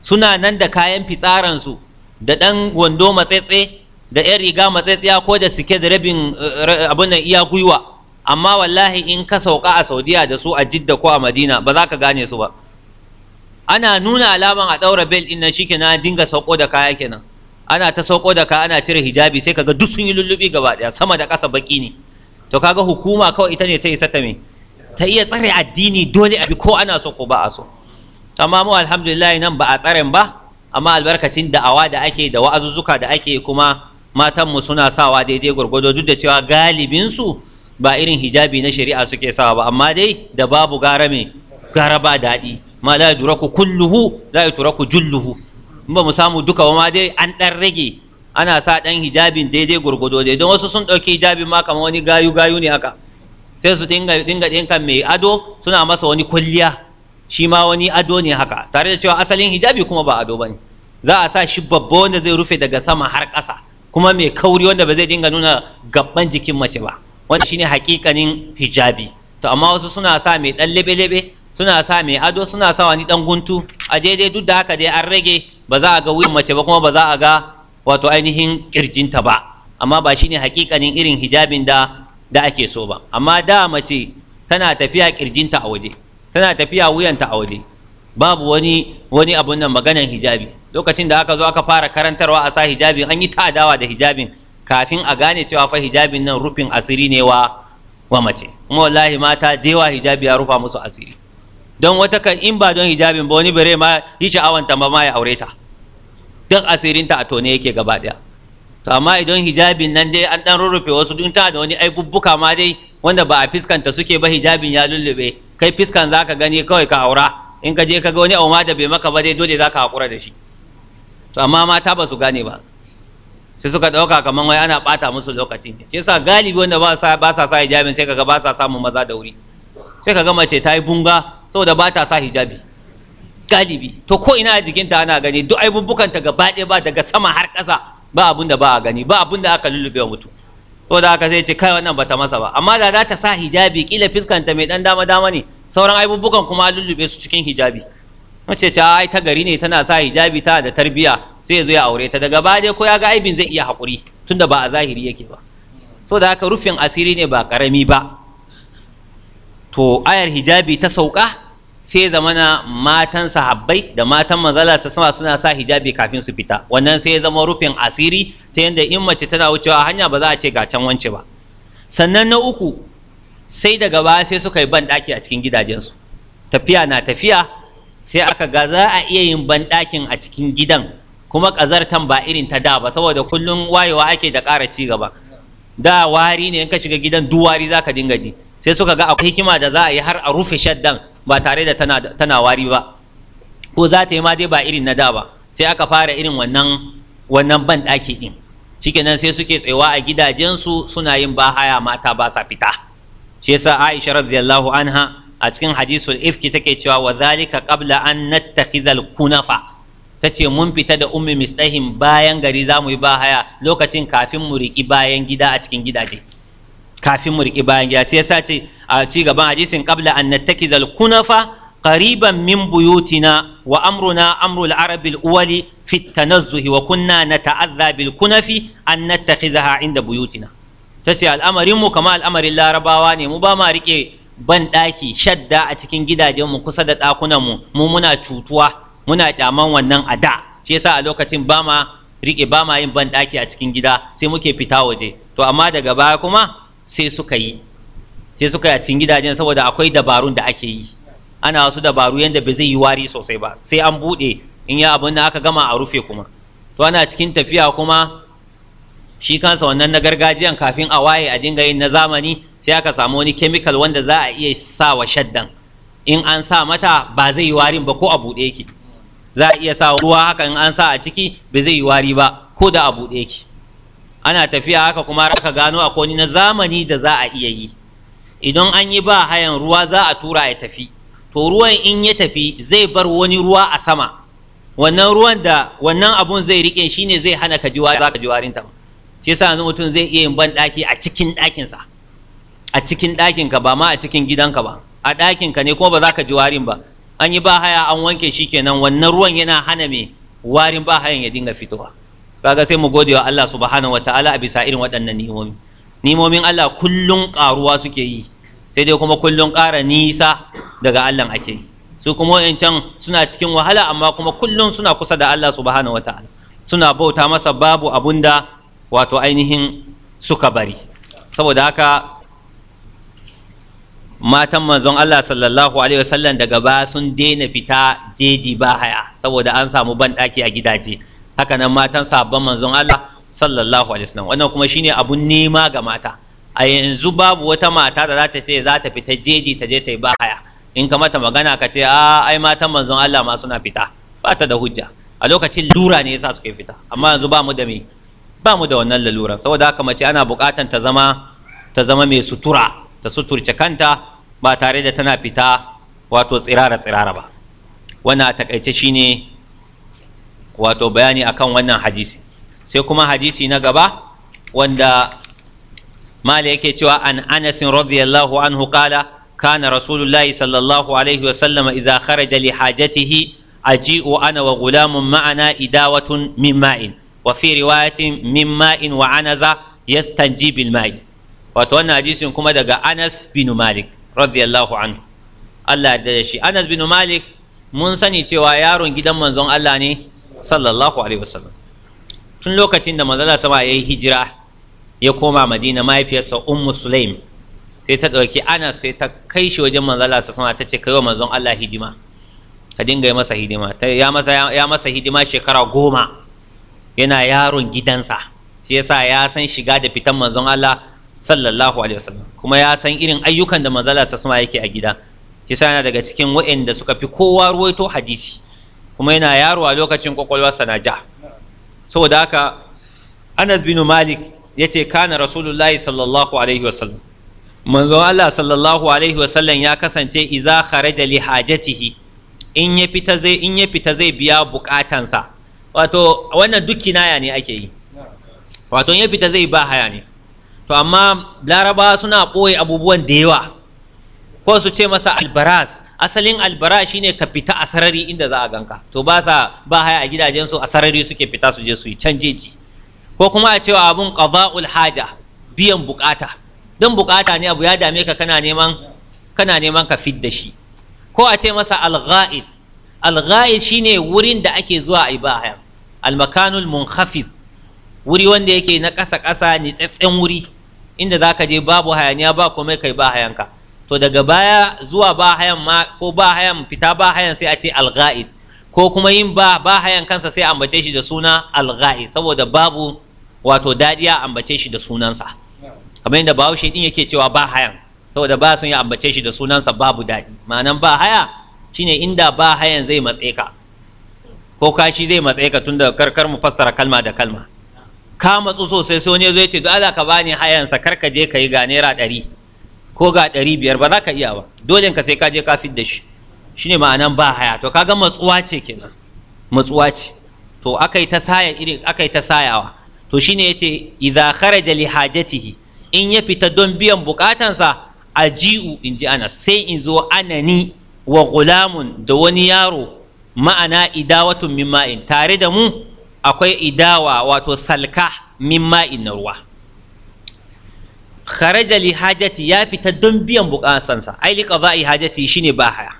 suna nan da kayan fitsaransu da ɗan wando matsetse da ‘yan riga matsetsiya ko da sike da rabin eh, abin iya gwiwa amma wallahi in ka sauka a saudiya da su a jidda ko a madina ba za ka gane su ba ana nuna alaman a ɗaura bel ɗin nan shike na dinga sauko da kaya kenan ana ta sauko da kaya ana cire hijabi sai kaga duk sun yi lullubi gaba ɗaya sama da ƙasa baki ne to kaga hukuma kawai ita ne ta isa ta me ta iya tsare addini dole abi ko ana so ko ba a so amma mu alhamdulillah nan ba a tsaren ba amma albarkacin da'awa da ake da wa'azuzzuka da ake kuma matanmu suna sawa daidai gwargwado duk da cewa galibinsu ba irin hijabi na shari'a suke sawa ba amma dai da babu gara mai gara ba daɗi ma la yuraku kulluhu la yuraku julluhu in ba mu samu duka ba ma dai an ɗan rage ana sa ɗan hijabin daidai gwargwado dai don wasu sun ɗauki hijabin ma kamar wani gayu gayu ne haka sai su dinga dinga ɗinka mai ado suna masa wani kulliya shi ma wani ado ne haka tare da cewa asalin hijabi kuma ba ado bane za a sa shi babba wanda zai rufe daga sama har ƙasa kuma mai kauri wanda ba zai dinga nuna gabban jikin mace ba wanda shine hakikanin hijabi to amma wasu suna sa mai dan lebe-lebe suna sa mai ado suna sa wani dan guntu a daidai duk da haka dai an rage ba za a ga wuyan mace ba kuma ba za a ga wato ainihin kirjinta ba amma ba shine hakikanin irin hijabin da da ake so ba amma da mace tana tafiya kirjinta a waje tana tafiya wuyanta a waje babu wani wani abun nan maganan hijabi lokacin da aka zo aka fara karantarwa a sa hijabin an yi ta'adawa da hijabin kafin a gane cewa fa hijabin nan rufin asiri ne wa wa mace kuma wallahi mata da yawa hijabi ya rufa musu asiri don wata kan in ba don hijabin ba wani bare ma yi sha'awanta ba ma ya aure ta duk asirinta a tone yake gaba daya to amma idan hijabin nan dai an ɗan rurrufe wasu dun ta da wani ai bubbuka ma dai wanda ba a fiskanta suke ba hijabin ya lullube kai fiskan zaka gani kawai ka aura in ka je ka ga wani auma da bai maka ba dai dole zaka hakura da shi to amma mata ba su gane ba sai suka dauka kamar wai ana bata musu lokaci ne shi yasa galibi wanda ba sa ba sa sa hijabin sai kaga ba sa samun maza da wuri sai kaga mace ta yi bunga saboda ba ta sa hijabi galibi to ko ina a jikinta ana gani duk aibubbukan ta gaba ɗaya ba daga sama har ƙasa ba abun da ba a gani ba abun da aka lullube wa mutum da haka zai ce kai wannan bata masa ba amma da za ta sa hijabi kila fiskanta mai dan dama dama ne sauran aibubukan kuma a lullube su cikin hijabi mace ce ai ta gari ne tana sa hijabi ta da tarbiya sai ya zo ya aure ta daga baya dai ko ya ga aibin zai iya haƙuri tunda ba a zahiri yake ba so da haka rufin asiri ne ba ƙarami ba to ayar hijabi ta sauka sai zamana matan sahabbai da matan manzala ta sama suna sa hijabi kafin su fita wannan sai zama rufin asiri ta yadda in mace tana wucewa hanya ba za a ce ga can wance ba sannan na uku sai daga baya sai suka yi banɗaki a cikin gidajensu tafiya na tafiya sai aka ga za a iya yin banɗakin a cikin gidan kuma ƙazartan ba irin ta da ba saboda kullum wayewa ake da ƙara ci gaba da wari ne in ka shiga gidan duwari za ka dinga ji sai suka ga akwai hikima da za a yi har a rufe shaddan ba tare da tana, wari ba ko za ta yi ma dai ba irin na da ba sai aka fara irin wannan wannan ban ɗaki ɗin shikenan sai suke tsayawa a gidajensu suna yin bahaya mata ba sa fita shi yasa Aisha radiyallahu anha a cikin hadisul ifki take cewa wa zalika qabla an nattakhizal kunafa tace mun fita da ummi misdahin bayan gari zamu yi bahaya lokacin kafin mu riki bayan gida a cikin gidaje kafin mu riƙi bayan gida sai ya sace a ci gaban hadisin qabla an nattakizal kunafa qariban min buyutina wa amruna amru al-arab al-awwali fi tanazzuh wa kunna nata'adha bil kunafi an nattakhizaha inda buyutina tace al'amarin mu kama al'amarin larabawa ne mu ba ma riƙe ban ɗaki shadda a cikin gidajen mu kusa da ɗakunan mu mu muna cutuwa muna kyaman wannan a da shi yasa a lokacin ba ma riƙe ba ma yin ban ɗaki a cikin gida sai muke fita waje to amma daga baya kuma sai suka yi sai suka yi a cikin gidajen saboda akwai dabarun da ake yi ana wasu dabaru yadda ba zai yi wari sosai ba sai an buɗe in ya abin da aka gama a rufe kuma to ana cikin tafiya kuma shi kansa wannan na gargajiyan kafin a waye a dinga yin na zamani sai aka samu wani kemikal wanda za a iya sa wa shaddan in an sa mata ba zai yi warin ba ko a buɗe ki za a iya sa ruwa haka in an sa a ciki ba zai yi wari ba ko da a buɗe ki ana tafiya haka kuma aka gano akwai na zamani da za a iya yi idan an yi ba hayan ruwa za a tura ya tafi to ruwan in ya tafi zai bar wani ruwa a sama wannan ruwan da wannan abun zai rike shi ne zai hana ka jiwa za ka jiwarin ta shi yasa yanzu mutum zai iya yin ban daki a cikin ɗakin sa a cikin ɗakin ka ba ma a cikin gidanka ba a ɗakinka ka ne kuma ba za ka warin ba an yi ba haya an wanke shi kenan wannan ruwan yana hana me warin ba hayan ya dinga fitowa kaga sai mu gode wa Allah subhanahu wataala a bisa irin waɗannan nimomi nimomin Allah kullun ƙaruwa suke yi sai dai kuma kullun ƙara nisa daga Allah ake yi su kuma can suna cikin wahala amma kuma kullun suna kusa da Allah subhanahu wataala suna bauta masa babu abunda wato ainihin suka bari saboda haka matan manzon Allah sallallahu alaihi wasallam daga ba sun daina fita jeji ba haya saboda an samu banɗaki a gidaje haka nan matan sabon manzon Allah sallallahu alaihi wasallam wannan kuma shine abun nema ga mata a yanzu babu wata mata da za ta ce za ta fita jeji ta je ta yi bahaya in ka mata magana ka ce a ai matan manzon Allah ma suna fita ba ta da hujja a lokacin lura ne yasa suke fita amma yanzu ba mu da me ba mu da wannan laluran saboda haka mace ana buƙatar ta zama ta zama mai sutura ta suturce kanta ba tare da tana fita wato tsirara tsirara ba wannan a takaice shine wato bayani akan wannan hadisi sai kuma hadisi na gaba wanda mali yake cewa an anasin radiyallahu anhu qala kana rasulullahi sallallahu alaihi wasallam sallam idza kharaja li hajatihi aji'u ana wa gulamun ma'ana idawatun min ma'in wa fi riwayatin min ma'in wa anaza yastanji bil ma'i wato wannan hadisin kuma daga Anas bin Malik radiyallahu anhu Allah da shi Anas bin Malik mun sani cewa yaron gidan manzon Allah ne sallallahu alaihi wasallam tun lokacin da manzon sama ya yi hijira ya koma madina mahaifiyarsa ummu sulaim sai ta ɗauki Ana sai ta kai shi wajen manzon sama ta ce kai wa manzon allah hidima ka dinga yi masa hidima ya masa hidima shekara goma yana yaron gidansa shi yasa ya san shiga da fitan manzon allah sallallahu alaihi wasallam kuma ya san irin ayyukan da manzon sama yake a gida shi yana daga cikin waɗanda suka fi kowa ruwaito hadisi kuma yana yaro a lokacin kwakwalwarsa na ja saboda haka anas bin malik ya ce kana rasulullahi sallallahu alaihi wasallam manzo allah sallallahu alaihi wasallam ya kasance iza kharaja li hajatihi in ya fita zai in ya fita zai biya bukatansa wato wannan duk kinaya ne ake yi wato in ya fita zai ba haya ne to amma laraba suna ɓoye abubuwan da yawa ko su ce masa albaras asalin albara shine ka fita a sarari inda za a ganka to ba sa ba haya a gidajensu a sarari suke fita su je su yi jeji. ko kuma a cewa abun qada'ul haja biyan bukata don bukata ne abu ya dame ka kana neman kana neman ka fid da shi ko a ce masa al-gha'id al-gha'id shine wurin da ake zuwa a yi ba haya al-makanul munkhafid wuri wanda yake na ƙasa kasa ni tsatsen wuri inda zaka je babu hayaniya ba komai kai ba hayanka to daga baya zuwa ba hayan ma ko ba hayan fita ba hayan sai a ce alga'id ko kuma yin ba ba hayan kansa sai ambace shi da suna alga'i saboda babu wato dadiya ambace shi da sunansa kamar yadda bahaushe din yake cewa ba hayan saboda ba sun yi ambace shi da sunansa babu dadi ma'anan ba haya shine inda ba hayan zai matse ka ko kashi zai matse ka tunda karkar mu fassara kalma da kalma ka matsu sosai sai wani ya ce duk Allah ka bani hayansa kar ka je ka yi ga naira ɗari ko ga ɗari biyar ba za ka iya ba dole ka sai ka je ka fit da shi ne ma'anan ba haya to kaga matsuwa ce kenan matsuwa ce to akai ta saya irin akai ta sayawa to shine yace idza kharaja li hajatihi in ya fita don biyan bukatansa aji'u ji ana sai in zo anani wa gulamun da wani yaro ma'ana idawatun min tare da mu akwai idawa wato salka min na ruwa kharaja li hajati ya fita don biyan buƙasansa, ai li qada'i hajati shine ba haya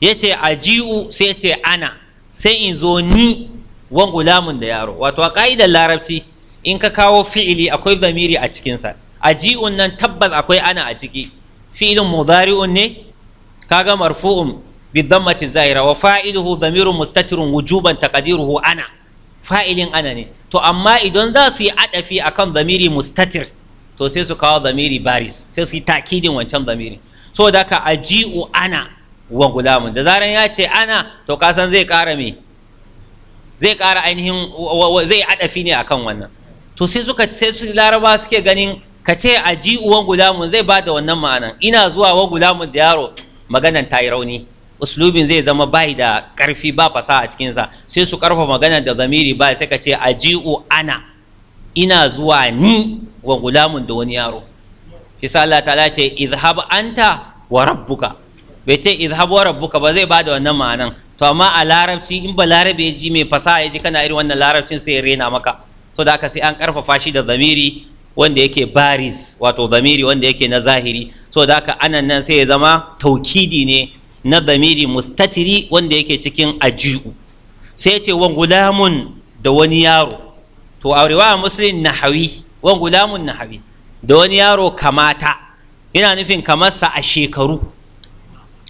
yace aji'u sai yace ana sai in zo ni wan gulamun da yaro wato a ka'idar larabci in ka kawo fi'ili akwai zamiri a cikinsa aji'un nan tabbas akwai ana a ciki fi'ilin mudari'un ne kaga marfu'un بالضمة wa fa'iluhu ضمير mustatirun wujuban taqdiruhu ana fa'ilin ana ne to amma idan za su yi adafi akan zamiri mustatir to sai su kawo zamiri baris sai su yi takidin wancan zamiri so da ka aji'u ana wa gulamun da zaran ya ce ana to ka san zai ƙara me zai kara ainihin zai adafi ne akan wannan to sai suka sai su laraba suke ganin ka ce aji'u wa gulamun zai bada wannan ma'anan ina zuwa wa gulamun da yaro maganan ta yi rauni uslubin zai zama bai da karfi ba fasaha a cikinsa sai su karfa magana da zamiri ba sai ka ce aji'u ana ina zuwa ni wa gulamun da wani yaro isa Allah ta'ala ce izhab anta wa rabbuka bai ce izhab wa rabbuka ba zai bada wannan ma'anan to amma a larabci in ba larabe ya ji mai fasaha ya ji kana irin wannan larabcin sai ya rena maka to da aka sai an karfafa shi da zamiri wanda yake baris wato zamiri wanda yake na zahiri to da aka anan nan sai ya zama taukidi ne na zamiri mustatiri wanda yake cikin aji'u sai ya ce wa gulamun da wani yaro to a riwaya muslim nahawi wan gulamun nahawi da wani yaro kamata yana nufin kamarsa a shekaru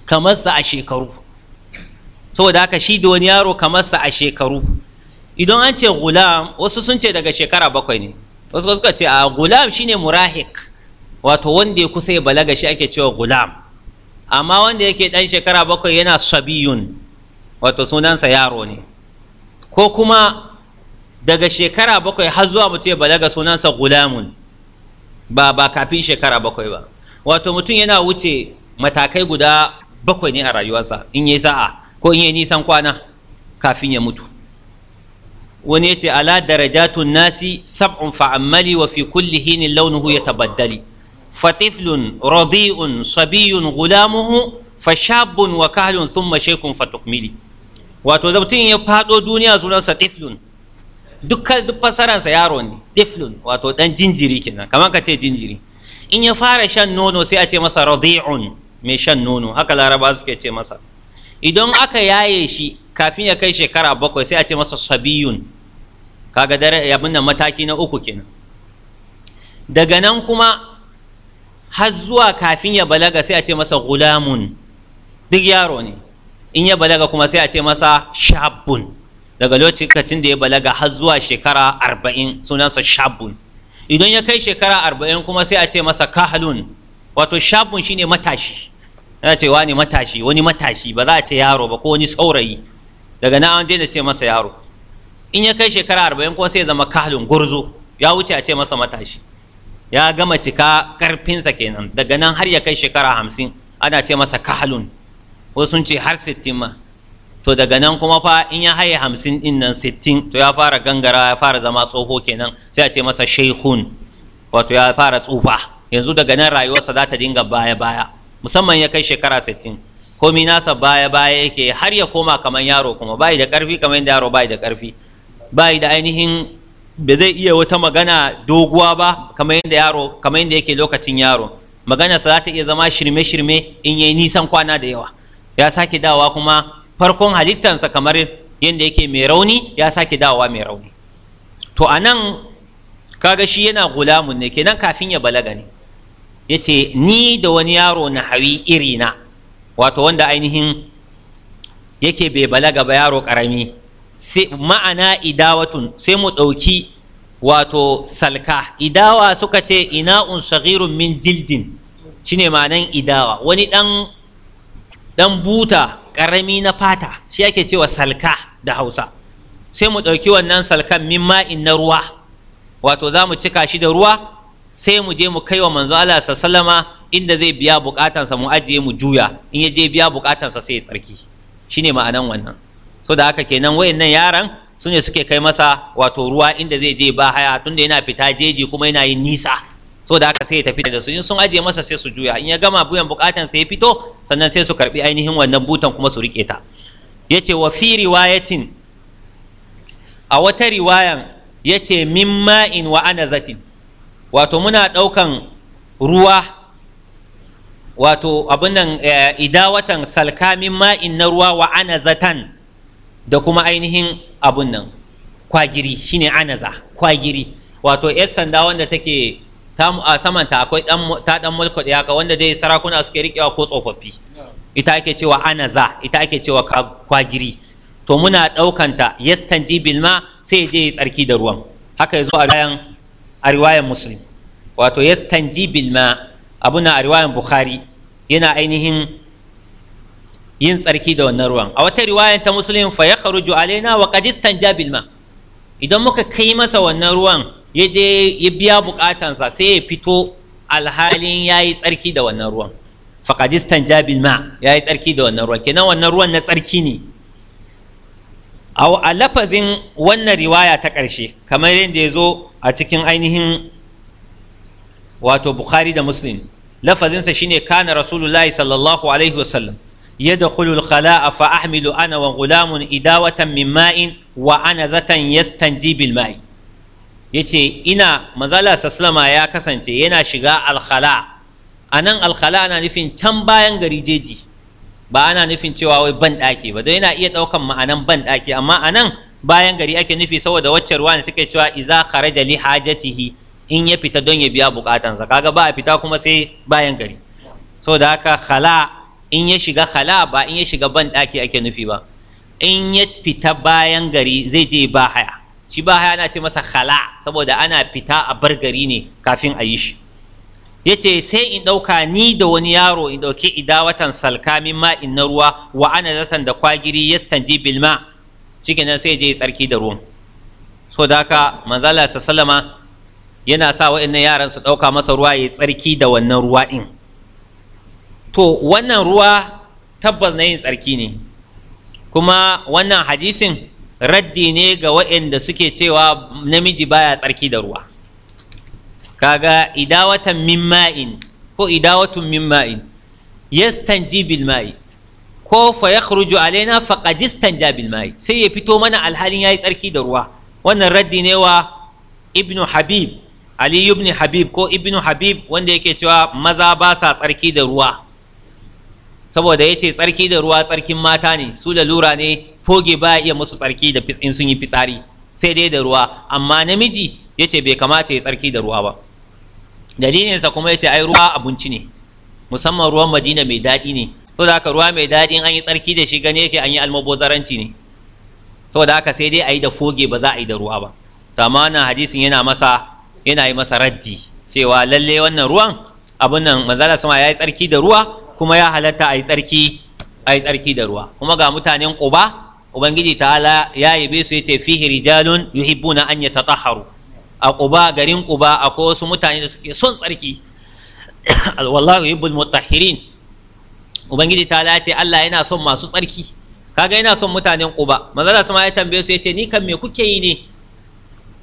kamarsa a shekaru saboda haka shi da wani yaro kamarsa a shekaru idan an ce gulam wasu sun ce daga shekara bakwai ne wasu suka ce a gulam shine murahik wato wanda ya kusa ya balaga shi ake cewa gulam amma wanda yake dan shekara bakwai yana sabiyun wato sunansa yaro ne ko kuma daga shekara bakwai har zuwa mutum ya balaga sunansa gulamun ba ba kafin shekara bakwai ba wato mutum yana wuce matakai guda bakwai ne a rayuwarsa in yi sa'a ko in yi nisan kwana kafin ya mutu wani yace ala darajatun nasi sab'un fa'ammali wa fi kulli hinin launuhu ya tabaddali fatiflun radi'un sabiyun gulamuhu fashabun wa kahlun thumma shaykhun fatukmili wato zabtin ya fado duniya sunansa tiflun dukkan duk fasaransa yaro ne tiflun wato dan jinjiri kenan kamar ka ce jinjiri in ya fara shan nono sai a ce masa radi'un mai shan nono haka laraba suke ce masa idan aka yaye shi kafin ya kai shekara bakwai sai a ce masa sabiyun kaga dare ya nan mataki na uku kenan daga nan kuma har zuwa kafin ya balaga sai a ce masa gulamun duk yaro ne in ya balaga kuma sai a ce masa shabun daga lokacin da ya balaga har zuwa shekara arba'in sunansa shabun idan ya kai shekara arba'in kuma sai a ce masa kahalun wato shabun shine matashi ana ce wani matashi wani matashi ba za a ce yaro ba ko wani saurayi daga na an daina ce masa yaro in ya kai shekara arba'in kuma sai ya zama kahalun gurzo ya wuce a ce masa matashi ya gama cika karfinsa kenan daga nan har ya kai shekara hamsin ana ce masa kahalun wasu sun ce har sittin ma to daga nan kuma fa in ya haye hamsin din nan sittin to ya fara gangara ya fara zama tsoho kenan sai a ce masa shehun wato ya fara tsufa yanzu daga nan rayuwarsa za ta dinga baya baya musamman ya kai shekara sittin komi nasa baya baya yake har ya koma kamar yaro kuma bai da karfi kamar yadda yaro bai da karfi bai da ainihin ba zai iya wata magana doguwa ba kamar yadda yaro kamar yadda yake lokacin yaro magana sa za ta iya zama shirme shirme in yayi nisan kwana da yawa ya sake dawa kuma farkon halittansa kamar yadda yake mai rauni ya sake dawowa mai rauni to a nan kaga shi yana gulamun ne kenan kafin ya balaga ne ya ce ni da wani yaro na hawi iri na wato wanda ainihin yake bai balaga ba yaro karami ma'ana idawatun sai mu ɗauki wato salka idawa suka ce un shagirun min jildin shine ma'anan idawa wani ɗan dan buta karami na fata shi ake cewa salka da hausa sai mu ɗauki wannan salkan min ma'in na ruwa wato za mu cika shi da ruwa sai mu je mu kai wa manzo Allah sallama inda zai biya bukatansa mu ajiye mu juya in ya je biya bukatansa sai ya tsarki shine ma'anan wannan so da haka kenan wayannan yaran sune suke kai masa wato ruwa inda zai je ba haya tunda yana fita jeji kuma yana yin nisa so da haka sai ya tafi da su in sun aje masa sai su juya in ya gama buyan bukatan sai ya fito sannan sai su karbi ainihin wannan butan kuma su rike ta yace wa fi riwayatin a wata riwayan yace mimma in wa anazatin wato muna daukan ruwa wato abin nan eh, idawatan min ma'in na ruwa wa anazatan da kuma ainihin abun nan kwagiri shine anaza kwagiri wato 'yan sanda wanda take ta samanta akwai ta dan mulku da yaka wanda dai sarakuna suke rikewa ko tsofaffi ita ake cewa anaza ita ake cewa kwagiri to muna daukanta yastanji bilma sai je ya tsarki da ruwan haka yazo a rayan a riwayan muslim wato yastanji bilma abuna a riwayan bukhari yana ainihin yin tsarki da wannan ruwan a wata riwayan ta muslim fa yakhruju alaina wa qad istanja bilma idan muka kai masa wannan ruwan ya je ya biya bukatansa sai ya fito alhalin ya yi tsarki da wannan ruwan faƙadistan jabil ma ya yi tsarki da wannan ruwan kenan wannan ruwan na tsarki ne a lafazin wannan riwaya ta ƙarshe kamar yadda ya zo a cikin ainihin wato bukhari da muslim lafazinsa shine kana rasulullahi sallallahu alaihi wasallam يدخل الخلاء فأحمل أنا وغلام إداوة من ماء وأنزة يستنجي بالماء Ya ce ina mazala saslama ya kasance yana shiga alkhala nan alkhala ana nufin can bayan gari jeji ba ana nufin cewa wai ban ɗaki ba don yana iya ɗaukan ma'anan ban ɗaki amma nan bayan gari ake nufi saboda wacce ruwa ne take cewa iza kharaja li hajatihi in ya fita don ya biya bukatansa kaga ba a fita kuma sai bayan gari saboda haka khala in ya shiga khala ba in ya shiga ban ɗaki ake nufi ba in ya fita bayan gari zai je ba haya shi ba haya ce masa khala saboda ana fita a bar gari ne kafin a yi shi ya ce sai in ɗauka ni da wani yaro in ɗauki idawatan salka min ma'in na ruwa wa ana zatan da kwagiri ya standi bilma shi nan sai je tsarki da ruwan so da haka manzala sallama yana sa waɗannan yaran su ɗauka masa ruwa ya tsarki da wannan ruwa ɗin to wannan ruwa tabbas na yin tsarki ne kuma wannan hadisin raddi ne ga waɗanda suke cewa namiji baya tsarki da ruwa kaga idawatan min ma'in ko idawatun min ma'in yastanji bil ma'i ko fa yakhruju alaina faqad istanja bil ma'i sai ya fito mana alhalin yayi tsarki da ruwa wannan raddi ne wa ibnu habib ali ibn habib ko ibnu habib wanda yake cewa maza ba sa tsarki da ruwa saboda ya ce tsarki da ruwa tsarkin mata ne su da lura ne foge ba iya musu tsarki da in sun yi fitsari sai dai da ruwa amma namiji ya ce bai kamata ya tsarki da ruwa ba dalilinsa kuma ya ce ai ruwa abinci ne musamman ruwan madina mai daɗi ne saboda haka ruwa mai daɗi an yi tsarki da shi gani yake an yi almabozaranci ne saboda haka sai dai a yi da foge ba za a yi da ruwa ba ta wannan hadisin yana masa yana yi masa raddi cewa lalle wannan ruwan abin nan manzala sama ya yi tsarki da ruwa kuma ya halatta a yi tsarki da ruwa kuma ga mutanen ƙuba ubangiji ta'ala ya yabe su yace fihi rijalun yuhibbuna an yatatahharu a ƙuba garin ƙuba akwai wasu mutane da suke son tsarki [coughs] wallahu yuhibbul mutahhirin ubangiji ta'ala ya ce Allah yana son masu tsarki kaga yana son mutanen ƙuba manzala su ya tambaye su ce, ni kan me kuke yi ne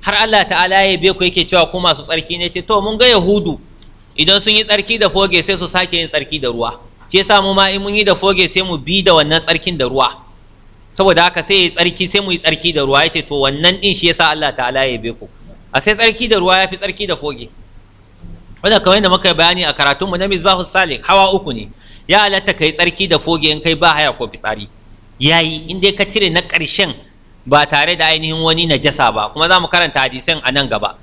har Allah ta'ala ya yabe ku yake cewa ku masu tsarki ne ce to mun ga yahudu idan sun yi tsarki da foge sai su sake yin tsarki da ruwa shi yasa mu ma in mun yi da foge sai mu bi da wannan tsarkin da ruwa saboda haka sai yi tsarki sai mu yi tsarki da ruwa yace to wannan din shi yasa Allah ta'ala ya yabe ku a sai tsarki da ruwa yafi tsarki da foge wanda kamar yadda muka bayani a karatun mu na misbahus salik hawa uku ne ya halatta kai tsarki da foge in kai ba haya ko fitsari yayi in dai ka cire na ƙarshen ba tare da ainihin wani najasa ba kuma za mu karanta hadisan a nan gaba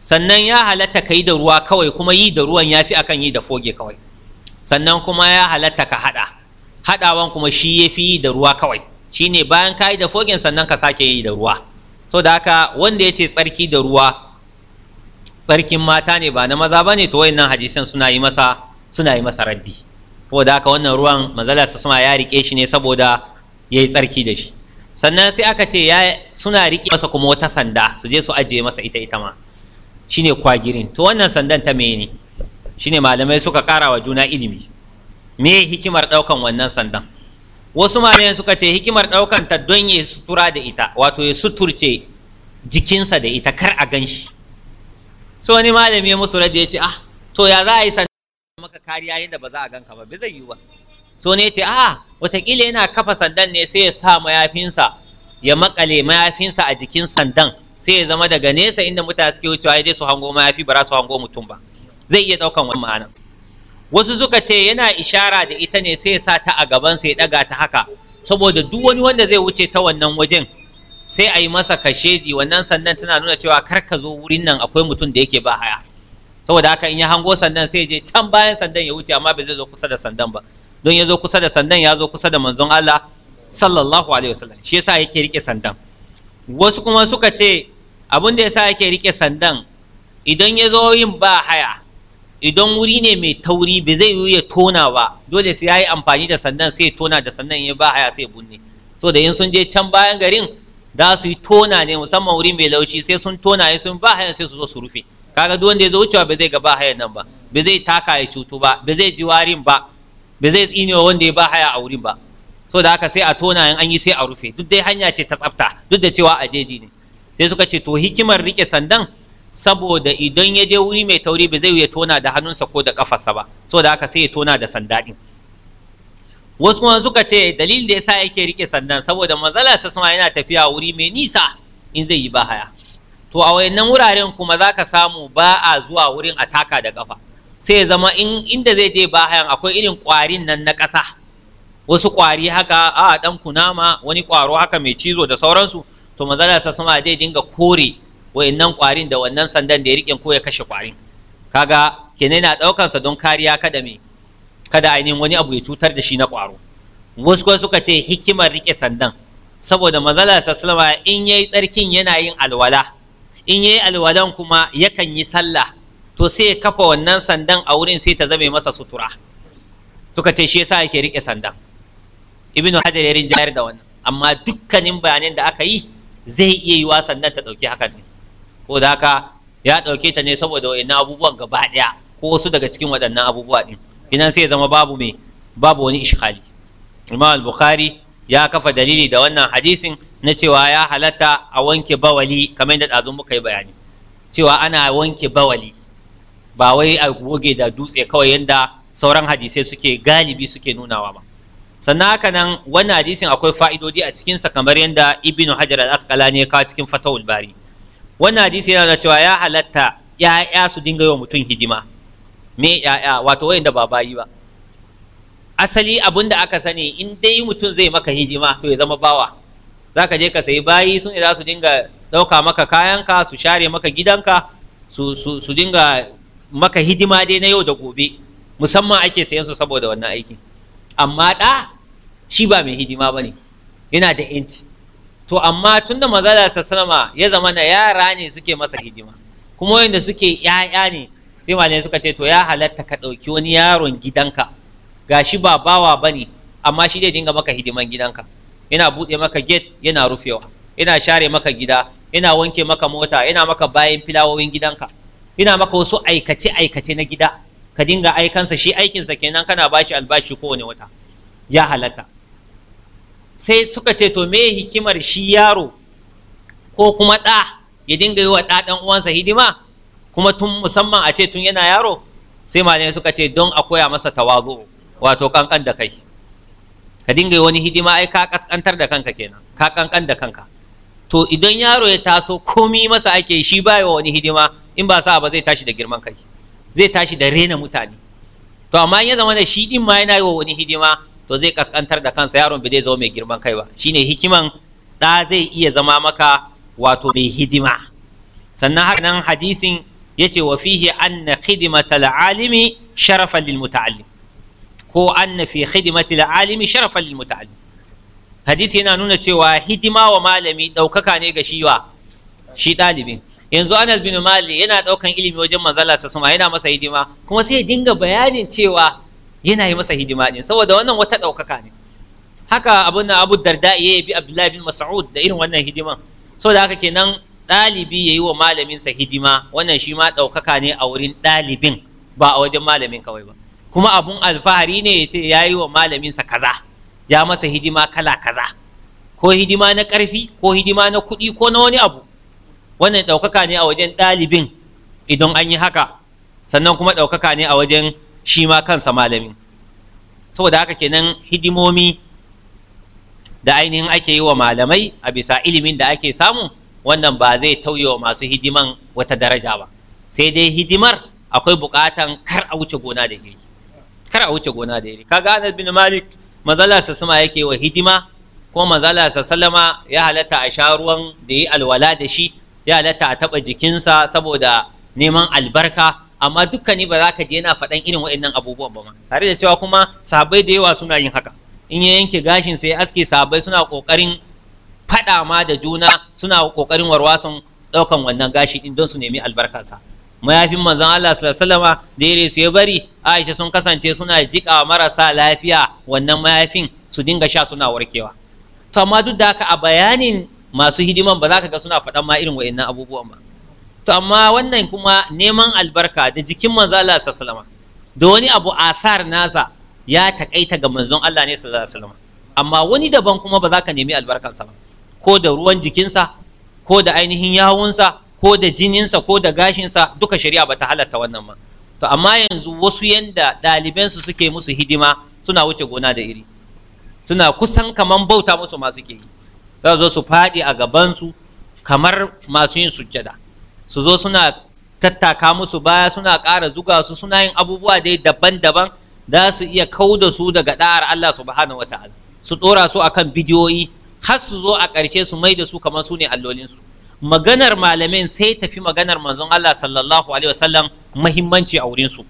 sannan ya halatta ka yi da ruwa kawai kuma yi da ruwan ya fi akan yi da foge kawai sannan kuma ya halatta ka haɗa haɗawan kuma shi ya fi yi da ruwa kawai Shi ne bayan ka yi da fogen sannan ka sake yi da ruwa so da haka wanda ya ce tsarki da ruwa tsarkin mata ne ba na maza ba ne to wayannan hadisan suna yi masa suna yi masa raddi da haka wannan ruwan mazalarsa suna ya rike shi ne saboda yayi tsarki da shi sannan sai aka ce suna rike masa kuma wata sanda su je su ajiye masa ita ita ma shine kwagirin to wannan sandan ta meye ne shine malamai suka kara wa juna ilimi me hikimar daukan wannan sandan wasu malamai suka ce hikimar daukan ta don ya sutura da ita wato ya suturce jikinsa da ita kar a gan shi so wani malami ya musu radi ya ce ah to ya za a yi sandan maka kariya yadda ba za a ganka ba bai zai yi ba so ne ya ce ah watakila yana kafa sandan ne sai ya sa mayafinsa ya makale mayafinsa a jikin sandan sai ya zama daga nesa inda mutane suke wucewa dai su hango mayafi ba za su hango mutum ba zai iya ɗaukan wani ma'ana wasu suka ce yana ishara da ita ne sai ya sa ta a gaban sai ya ɗaga ta haka saboda duk wani wanda zai wuce ta wannan wajen sai a yi masa kashedi wannan sannan tana nuna cewa kar ka zo wurin nan akwai mutum da yake ba haya saboda haka in ya hango sandan sai je can bayan sandan ya wuce amma bai zai zo kusa da sandan ba don ya zo kusa da sandan ya zo kusa da manzon Allah sallallahu alaihi wasallam shi yasa yake rike sandan wasu kuma suka ce abin da ya sa yake rike sandan idan ya zo yin ba haya idan wuri ne mai tauri ba zai yi ya tona ba dole sai ya yi amfani da sandan sai ya tona da sandan ya ba haya sai ya bunne so da in sun je can bayan garin za su yi tona ne musamman wuri mai laushi sai sun tona ya sun ba haya sai su zo su rufe kaga duk wanda ya zo wucewa ba zai ga ba hayan nan ba ba zai taka ya cutu ba ba zai ji warin ba ba zai tsinewa wanda ya ba haya a wurin ba so da haka sai a tona in an yi sai a rufe duk dai hanya ce ta tsafta duk da cewa a jeji ne sai suka ce to hikimar rike sandan saboda idan ya je wuri mai tauri ba zai ya tona da hannunsa ko da kafarsa ba so da haka sai ya tona da sanda din wasu kuma suka ce dalilin da yasa yake rike sandan saboda manzala sa sama yana tafiya wuri mai nisa in zai yi ba haya to a wayannan wuraren kuma zaka samu ba a zuwa wurin a da kafa sai ya zama inda zai je ba akwai irin kwarin nan na ƙasa wasu kwari haka a dan kunama wani kwaro haka mai cizo da sauransu to manzala sa sama zai dinga kore wayannan kwarin da wannan sandan da ya riƙe ko ya kashe kwarin kaga kenan na daukan sa don kariya kada me kada ainihin wani abu ya cutar da shi na kwaro wasu kuma suka ce hikimar riƙe sandan saboda manzala sa sama in yayi tsarkin yana yin alwala in yayi alwalan kuma yakan yi sallah to sai ya kafa wannan sandan a wurin sai ta zame masa sutura suka ce shi yasa yake riƙe sandan ibnu hajar ya rinjayar da wannan amma dukkanin bayanan da aka yi zai iya wasan nan ta ɗauki hakan ne ko da haka ya ɗauke ta ne saboda wayannan abubuwan gaba ɗaya ko wasu daga cikin wadannan abubuwa din. idan sai ya zama babu me babu wani ishkali imam al-bukhari ya kafa dalili da wannan hadisin na cewa ya halatta a wanke bawali kamar yadda ɗazun muka yi bayani cewa ana wanke bawali ba wai a goge da dutse kawai yadda sauran hadisai suke galibi suke nunawa ba sannan haka nan wannan hadisin akwai fa'idodi a cikinsa kamar yadda ibnu hajar al-asqalani ya kawo cikin fatawul bari wannan hadisi yana cewa ya halatta ya'ya su dinga yi wa mutum hidima me ya'ya wato wayanda ba yi ba asali abin da aka sani in dai mutum zai maka hidima to ya zama bawa zaka je ka sayi bayi sun za su dinga ɗauka maka kayanka su share maka gidanka su, su, su dinga maka hidima dai na yau da gobe musamman ake sayan su saboda wannan aikin amma ɗa shi ba mai hidima ba ne yana da yanci to amma tun da mazala sassanama ya zama na yara ne suke masa hidima kuma wanda suke ‘ya'ya ne sai ma suka ce to ya halatta ka ɗauki wani yaron gidanka ga shi ba bawa ba ne amma shi zai dinga maka hidiman gidanka yana buɗe maka get yana rufewa yana share maka gida yana wanke maka mota yana maka bayan filawoyin gidanka yana maka wasu aikace aikace na gida ka dinga aikansa shi aikinsa kenan kana ba shi albashi kowane wata ya halatta sai suka ce to me hikimar shi yaro ko kuma ɗa ya dinga yi wa ɗa ɗan uwansa hidima kuma tun musamman a ce tun yana yaro sai malamai suka ce don a koya masa tawazu wato kankan da kai ka dinga yi wani hidima ai ka kaskantar da kanka kenan ka kankan da kanka to idan yaro ya taso komi masa ake shi ba wani hidima in ba sa ba zai tashi da girman kai zai tashi da rena mutane to amma in ya zama da shi din ma yana yi wa wani hidima to zai kaskantar da kansa yaron bai zai zama mai girman kai ba shine hikiman da zai iya zama maka wato mai hidima sannan haka nan hadisin yace wa fihi anna khidmatal alimi sharafan lil muta'allim ko anna fi khidmatil alimi sharafan lil muta'allim hadisi yana nuna cewa hidima wa malami ɗaukaka ne ga wa shi ɗalibin yanzu Anas bin Mali yana daukan ilimi wajen manzala sa suma yana masa hidima kuma sai ya dinga bayanin cewa yana yi masa hidima din saboda wannan wata daukaka ne haka abun nan Abu Darda ya bi Abdullah bin Mas'ud da irin wannan hidiman saboda haka kenan ɗalibi ya yi wa malaminsa hidima wannan shi ma ɗaukaka ne a wurin ɗalibin ba a wajen malamin kawai ba kuma abun alfahari ne ya ce ya yi wa malaminsa kaza ya masa hidima kala kaza ko hidima na ƙarfi ko hidima na kuɗi ko na wani abu wannan ɗaukaka ne a wajen ɗalibin idan an yi haka sannan kuma ɗaukaka ne a wajen shi ma kansa malamin saboda haka kenan hidimomi da ainihin ake yi wa malamai a bisa ilimin da ake samu wannan ba zai tauye wa masu hidiman wata daraja ba sai dai hidimar akwai bukatan kar a wuce gona da iri kar a wuce gona da iri kaga Anas bin Malik mazala sa sama yake wa hidima ko mazala sa salama ya halatta a sha ruwan da yi alwala da shi ya halatta a taɓa jikinsa saboda neman albarka amma ni ba za ka je yana faɗan irin waɗannan abubuwan ba ma tare da cewa kuma sabai da yawa suna yin haka in ya yanke gashin sai aske sabai suna ƙoƙarin faɗa ma da juna suna ƙoƙarin warwason ɗaukan wannan gashi din don su nemi albarkarsa mayafin manzon Allah sallallahu da ya su ya bari Aisha sun kasance suna jika marasa lafiya wannan mayafin su dinga sha suna warkewa to amma duk da haka a bayanin masu hidiman ba za ka ga suna faɗan ma irin wa'annan abubuwan ba to amma wannan kuma neman albarka da jikin manzo Allah sallallahu alaihi da wani abu athar nasa ya takaita ga manzon Allah ne sallallahu alaihi wasallam amma wani daban kuma ba za ka nemi albarkansa ba ko da ruwan jikinsa ko da ainihin yawunsa ko da jininsa ko da gashinsa duka shari'a bata halarta wannan ma to amma yanzu wasu yanda su suke musu hidima suna wuce gona da iri suna kusan kaman bauta musu ma suke yi za zo su faɗi a gabansu kamar masu yin sujjada su zo suna tattaka musu baya suna ƙara zuga su suna yin abubuwa dai daban-daban za su iya kau da su daga ɗa'ar Allah subhanahu wataala su ɗora su akan bidiyoyi har su zo a ƙarshe su mai da su kamar su ne allolinsu maganar malamin sai tafi maganar manzon Allah sallallahu alaihi wasallam muhimmanci a wurinsu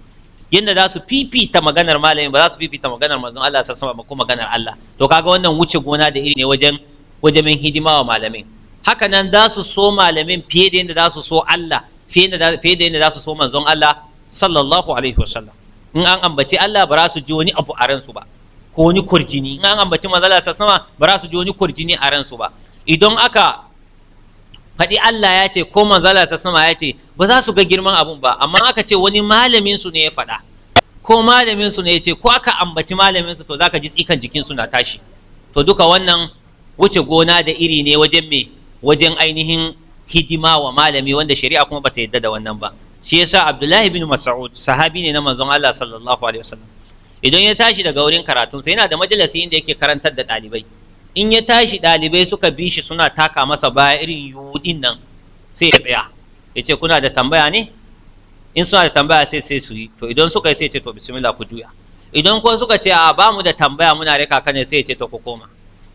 yadda za su fifita maganar malamin ba za su fifita maganar manzon Allah sallallahu alaihi wasallam ba ko maganar Allah to kaga wannan wuce gona da iri ne wajen wajen hidima wa malamin haka nan za su so malamin fiye da yadda za su so Allah fiye da yadda za su so manzon Allah sallallahu alaihi wasallam in an ambaci Allah ba za su ji wani abu a ransu ba ko wani kurjini in an ambaci manzon Allah sama ba za su ji wani kurjini a ransu ba idan aka faɗi Allah ya ce ko manzon Allah sama ya ce ba za su ga girman abun ba amma aka ce wani malamin su ne ya faɗa ko malamin su ne ya ce ko aka ambaci malamin su to zaka ji tsikan jikin su na tashi to duka wannan wuce gona da iri ne wajen me wajen ainihin hidima wa malami wanda shari'a kuma bata yadda da wannan ba shi yasa Abdullahi bin Mas'ud sahabi ne na manzon Allah sallallahu alaihi wasallam idan ya tashi daga wurin karatun sai yana da majalisi inda yake karantar da ɗalibai in ya tashi ɗalibai suka bi shi suna taka masa baya irin yudin nan sai ya tsaya ya ce kuna da tambaya ne in suna da tambaya sai sai su yi to idan suka yi sai ya ce to bismillah ku juya idan kuma suka ce a ba mu da tambaya muna rika kane sai ya ce to ku koma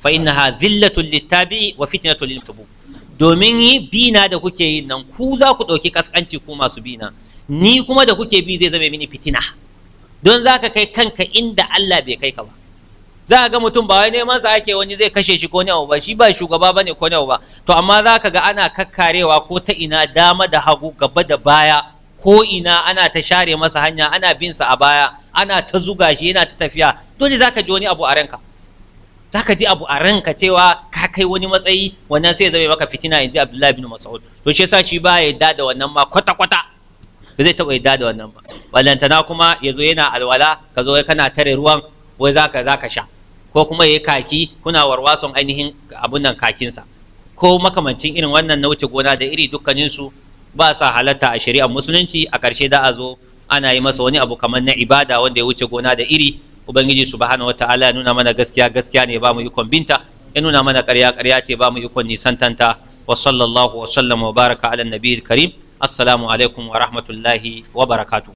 fa innaha dhillatul littabi'i wa fitnatul lil domin yi na da kuke yi nan ku za ku ɗauki kaskanci ku masu bina ni kuma da kuke bi zai zama mini fitina don za ka kai kanka inda Allah bai kai ka ba za ka ga mutum ba wai neman sa ake wani zai kashe shi ko ne ba shi ba shugaba bane ko ne ba to amma za ka ga ana kakkarewa ko ta ina dama da hagu gaba da baya ko ina ana ta share masa hanya ana bin sa a baya ana ta zuga shi yana ta tafiya dole za ka ji wani abu a ranka za ka ji abu a ranka cewa ka kai wani matsayi wannan sai zama maka fitina in ji abdullahi bin mas'ud to shi yasa shi ba ya yarda da wannan ma kwata kwata ba zai taɓa yarda da wannan ba ballantana kuma ya zo yana alwala ka zo kana tare ruwan wai za ka sha ko kuma ya yi kaki kuna warwason ainihin abun nan kakinsa ko makamancin irin wannan na wuce gona da iri dukkaninsu ba sa halatta a shari'ar musulunci a ƙarshe da a zo ana yi masa wani abu kamar na ibada wanda ya wuce gona da iri ubangiji subhanahu wataala ya nuna mana gaskiya gaskiya ne ba mu ikon binta ya nuna mana ƙarya ƙarya ce ba mu ikon nisantanta wa sallallahu wa sallam wa baraka ala nabiyil karim assalamu alaikum wa rahmatullahi wa barakatuh